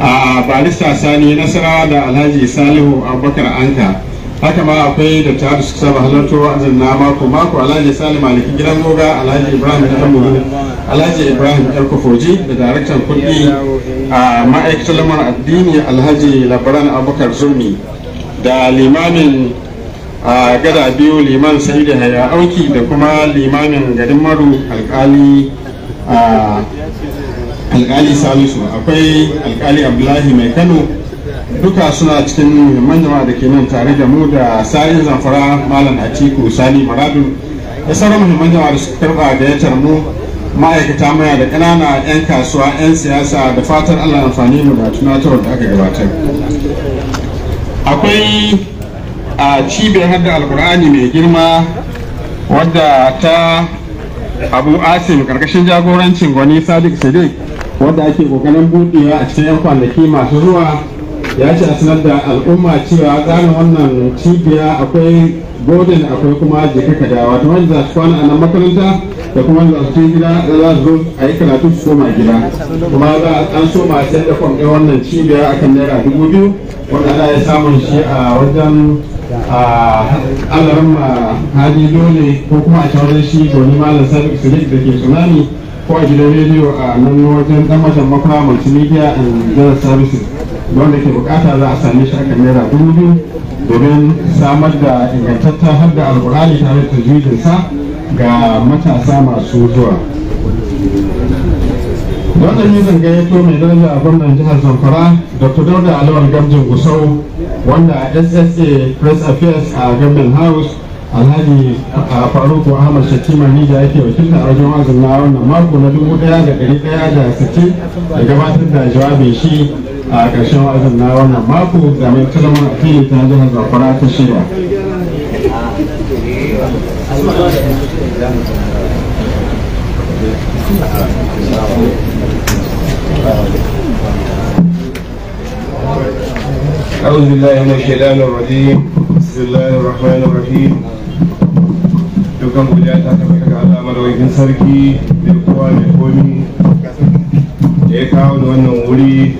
a barista sani nasara da alhaji salihu abubakar anka haka ma akwai da ta da suka saba halartar wa'azin na mako mako alhaji salim alikin gidan goga alhaji ibrahim ɗan alhaji ibrahim kofoji da daraktan kuɗi a ma'aikatar lamar addini alhaji labaran abubakar zurmi da limamin a gada biyu liman sai da haya auki da kuma limamin garin maru alkali alkali salisu akwai alkali abdullahi mai kano duka suna cikin muhimman da ke nan tare da mu da sa'in zamfara malam atiku sani maradu da sauran muhimman jama'a da suka karba da ya tarmu ma'aikata maya da ƙanana 'yan kasuwa 'yan siyasa da fatan allah amfani mu da tunatarwar da aka gabatar akwai a cibiyar hadda alkur'ani mai girma wadda ta abu asim karkashin jagorancin gwani sadiq sadiq wadda ake kokarin budewa a cikin 'yan kwanaki masu zuwa ya ce a sanar da al'umma cewa tsarin wannan cibiya akwai godin akwai kuma jikaka da wata wani za su kwana a nan makaranta da kuma za su gida za su zo a yi karatu su koma gida kuma za a an soma sai da kwan wannan cibiya akan naira dubu biyu wanda a ya samun shi a wajen alarin hali dole ko kuma a cewar shi goni malam sabi su da ke tsunami ko a gidan rediyo a nan wajen dan majan makwa multimedia and general services wanda ke bukata za a sami shi akan naira dubu biyu domin samar da ingantaccen har da alkurani tare da tajwidinsa ga matasa masu zuwa wannan yi to mai daraja a gwamnan jihar zamfara da ku dauda alawar gamjin gusau wanda a ssa press affairs a gamjin house alhaji a uh, faruku ahmad shatima nija yake wakilta a wajen wazin na wannan mako na dubu daya da dari daya da sittin da gabatar da jawabin shi a ƙarshen wa'azin na wannan mako game kalmar a fili ta jihar zafara ta shida أعوذ بالله من الشيطان الرجيم بسم الله الرحمن الرحيم dukkan guda ta tabbata ga alamar madaukakin sarki da kowa mai komi da ya kawo da wannan wuri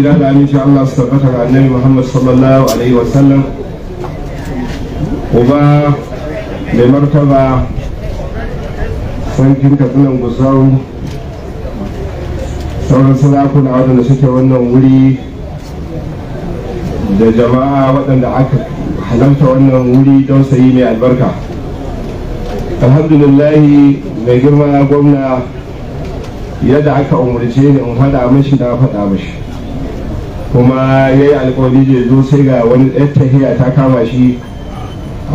tsira da aminci Allah su tabbata ga annabi Muhammad sallallahu alaihi wa sallam uba mai martaba sarkin katsinan gusau sauran sarakuna waɗanda suke wannan wuri da jama'a waɗanda aka halarta wannan wuri don sayi mai albarka alhamdulillahi mai girma gwamna yadda aka umarce ni in faɗa mashi na faɗa mashi kuma ya yi alkawari da zo sai ga wani ɗan tahiya ta kama shi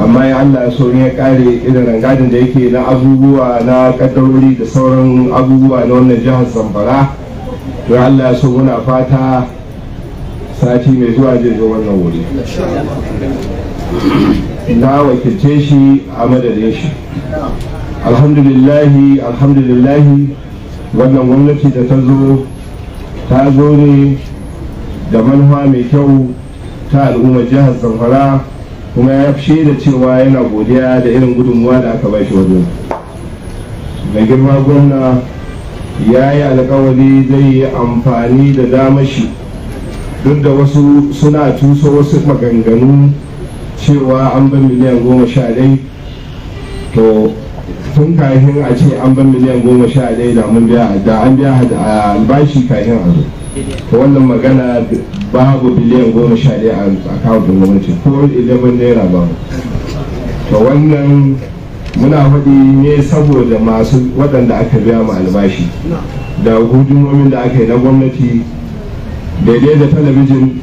amma ya allah so ya kare irin rangadin da yake na abubuwa na ƙaddarori da sauran abubuwa na wannan jihar zamfara to allah so muna fata sati mai zuwa zai zo wannan wuri na wakilce shi a madadin shi alhamdulillahi alhamdulillahi wannan gwamnati da ta zo ta zo ne da manufa mai kyau ta al'ummar jihar zamfara kuma ya da cewa yana godiya da irin gudunmuwa da aka bashi wajen mai girma gwamna ya yi alkawari zai yi amfani da damar shi duk da wasu suna tuso wasu maganganu cewa an ban miliyan goma sha dai to tun kafin a ce an ban miliyan goma sha dai da an biya da an bashi kafin a zo ta wannan magana babu biliyan goma sha ɗaya a kawo gwamnati ko ilimin naira mu. ta wannan muna faɗi ne saboda masu waɗanda aka biya mu albashi da hudumomin da aka yi na gwamnati daidai da talabijin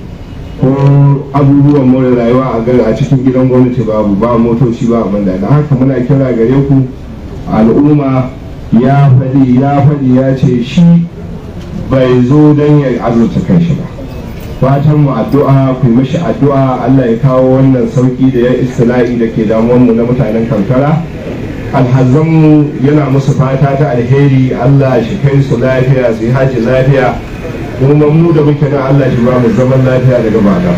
ko abubuwan more rayuwa a gari a cikin gidan gwamnati babu ba motoci ba abin da haka muna kira gare ku al'umma ya faɗi ya faɗi ya ce shi bai zo don ya kan shi ba fatan mu addu'a ku yi mashi addu'a Allah ya kawo wannan sauki da ya istila'i da ke damuwar mu na mutanen kankara alhazanmu yana musu fata ta alheri Allah shi kai su lafiya su yi haji lafiya kuma mu da muke na Allah shi ba mu zaman lafiya daga bada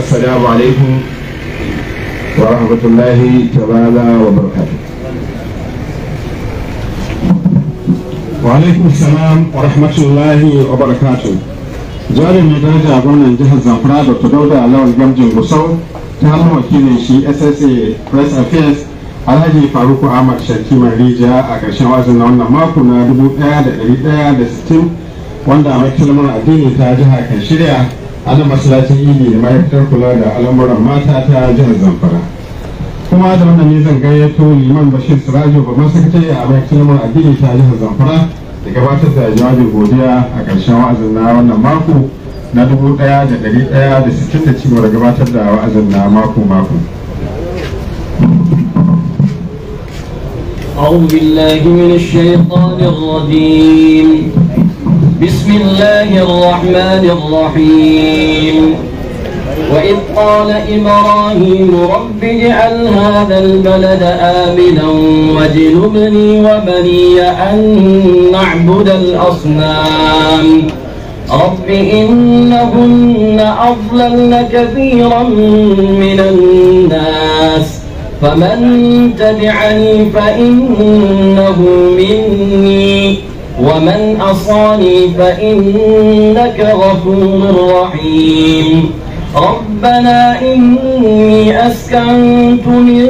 assalamu alaikum wa rahmatullahi ta'ala wa barakatuh wa salam wa rahmatullahi wa barakatu jarin mai daraja gwamnan jihar zamfara da ta dauda lawal gamjin gusau ta hannun wakilin shi ssa press affairs alhaji faruku ahmad shakiman rija a ƙarshen wazin na wannan mako na 1160 wanda a makilmar addini ta jihar kan shirya a nan masallacin ili ma'aikatar kula da al'amuran mata ta jihar zamfara kuma da wannan ne zan gayyato liman bashir sirajo babban sakatare a bakin lamar addini ta jihar zamfara da gabatar da jawabin godiya a ƙarshen wa'azin na wannan mako na dubu ɗaya da ɗari ɗaya da sittin da cigaba da gabatar da wa'azin na mako mako. أعوذ بالله من الشيطان الرجيم بسم الله الرحمن الرحيم وإذ قال إبراهيم رب اجعل هذا البلد آمنا واجنبني وبني أن نعبد الأصنام رب إنهن أضللن كثيرا من الناس فمن تبعني فإنه مني ومن أصاني فإنك غفور رحيم ربنا إني أسكنت من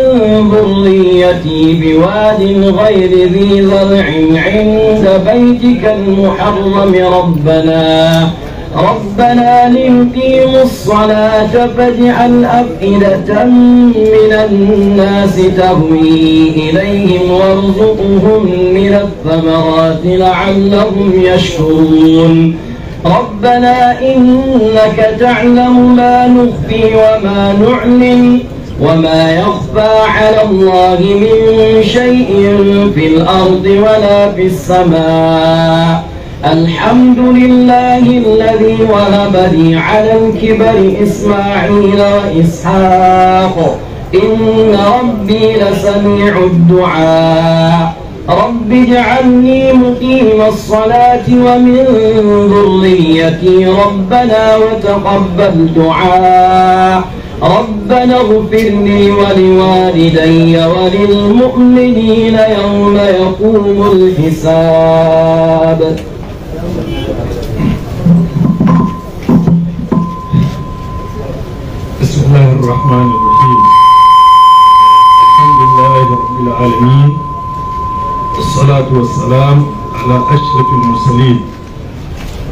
ذريتي بواد غير ذي زرع عند بيتك المحرم ربنا ربنا ليقيموا الصلاة فاجعل أفئدة من الناس تهوي إليهم وارزقهم من الثمرات لعلهم يشكرون ربنا إنك تعلم ما نخفي وما نعلن وما يخفى على الله من شيء في الأرض ولا في السماء الحمد لله الذي وهب لي على الكبر إسماعيل وإسحاق إن ربي لسميع الدعاء رب اجعلني مقيم الصلاة ومن ذريتي ربنا وتقبل دعاء ربنا اغفر لي ولوالدي وللمؤمنين يوم يقوم الحساب بسم الله الرحمن الرحيم الحمد لله رب العالمين والصلاة والسلام على أشرف المرسلين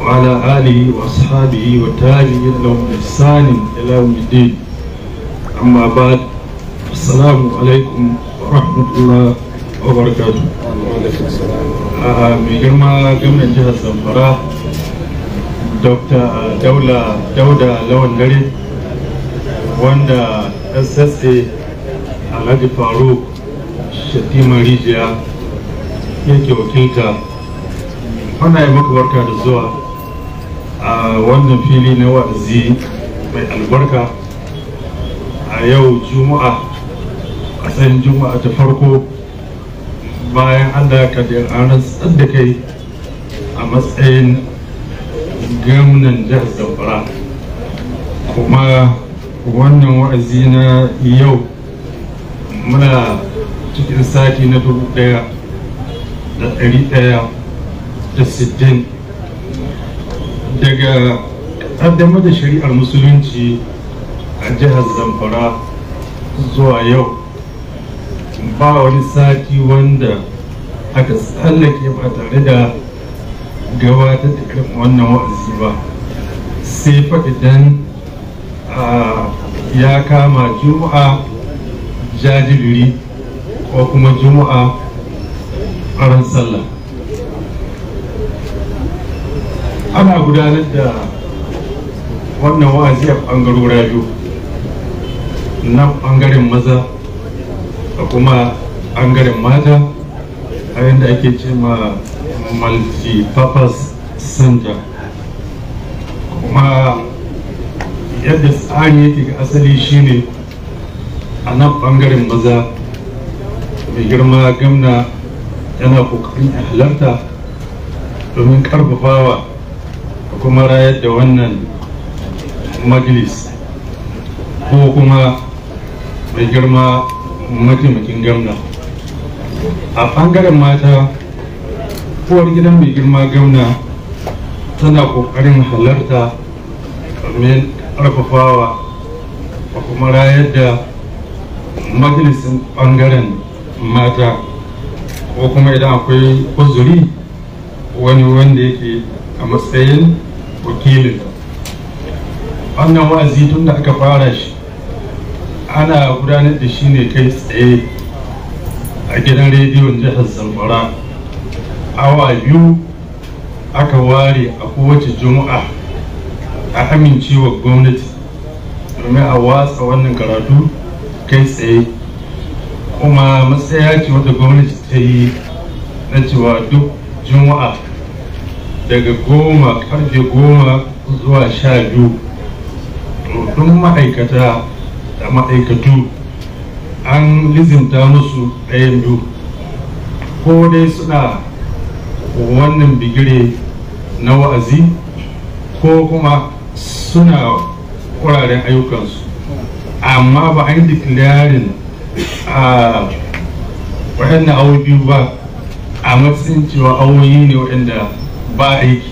وعلى آله وأصحابه وتابعين لهم بإحسان إلى يوم الدين أما بعد السلام عليكم ورحمة الله وبركاته mai girma gwamnan jihar zamfara dr dauda lawan dare wanda ya satse alhaji faruk shatima rijiya yake wakilta muna yi barka da zuwa a wannan fili na wa'azi mai albarka a yau juma'a a tsayin juma'a ta farko bayan allah ka da ranar da kai a matsayin gamnan jihar zamfara kuma wannan wa'azi na yau muna cikin sati na dubu daya da ɗari ɗaya da sittin daga ƙaddamar da shari'ar musulunci a jihar zamfara zuwa yau ba wani sati wanda aka tsallake ba tare da gabatar da irin wannan wa'azi ba sai fa idan ya kama juma'a jajibiri ko kuma juma'a karan sallah ana gudanar da wannan wa'azi a ɓangarora rajo na ɓangaren maza da kuma ɓangaren mata a yadda ake ce ma multi-purpose center kuma yadda tsari yake ga asali shine a nan ɓangaren maza mai girma gamna yana kokarin a halarta domin karfafawa da kuma rayar da wannan majalis ko kuma mai girma mataimakin gamna a bangaren mata kowar gidan mai girma gamna tana kokarin halarta domin karfafawa da kuma rayar da majalisin bangaren mata ko kuma idan akwai kuzuri wani wanda yake a matsayin wakilin wannan wa'azi tun da aka fara shi ana gudanar da shi ne kai tsaye a gidan rediyon jihar zamfara awa biyu aka ware a kowace juma'a a amincewa gwamnati domin a watsa wannan karatu kai tsaye kuma matsaya ce wadda gwamnati ta yi na cewa duk juma'a daga goma karfe goma zuwa sha biyu duk ma'aikata da ma'aikatu an lizinta musu ɗayan biyu ko dai suna wannan bigire na wa'azi ko kuma suna kuraren ayyukansu amma ba an yi declaring a waɗannan awo ba a matsayin cewa awoyi ne waɗanda ba aiki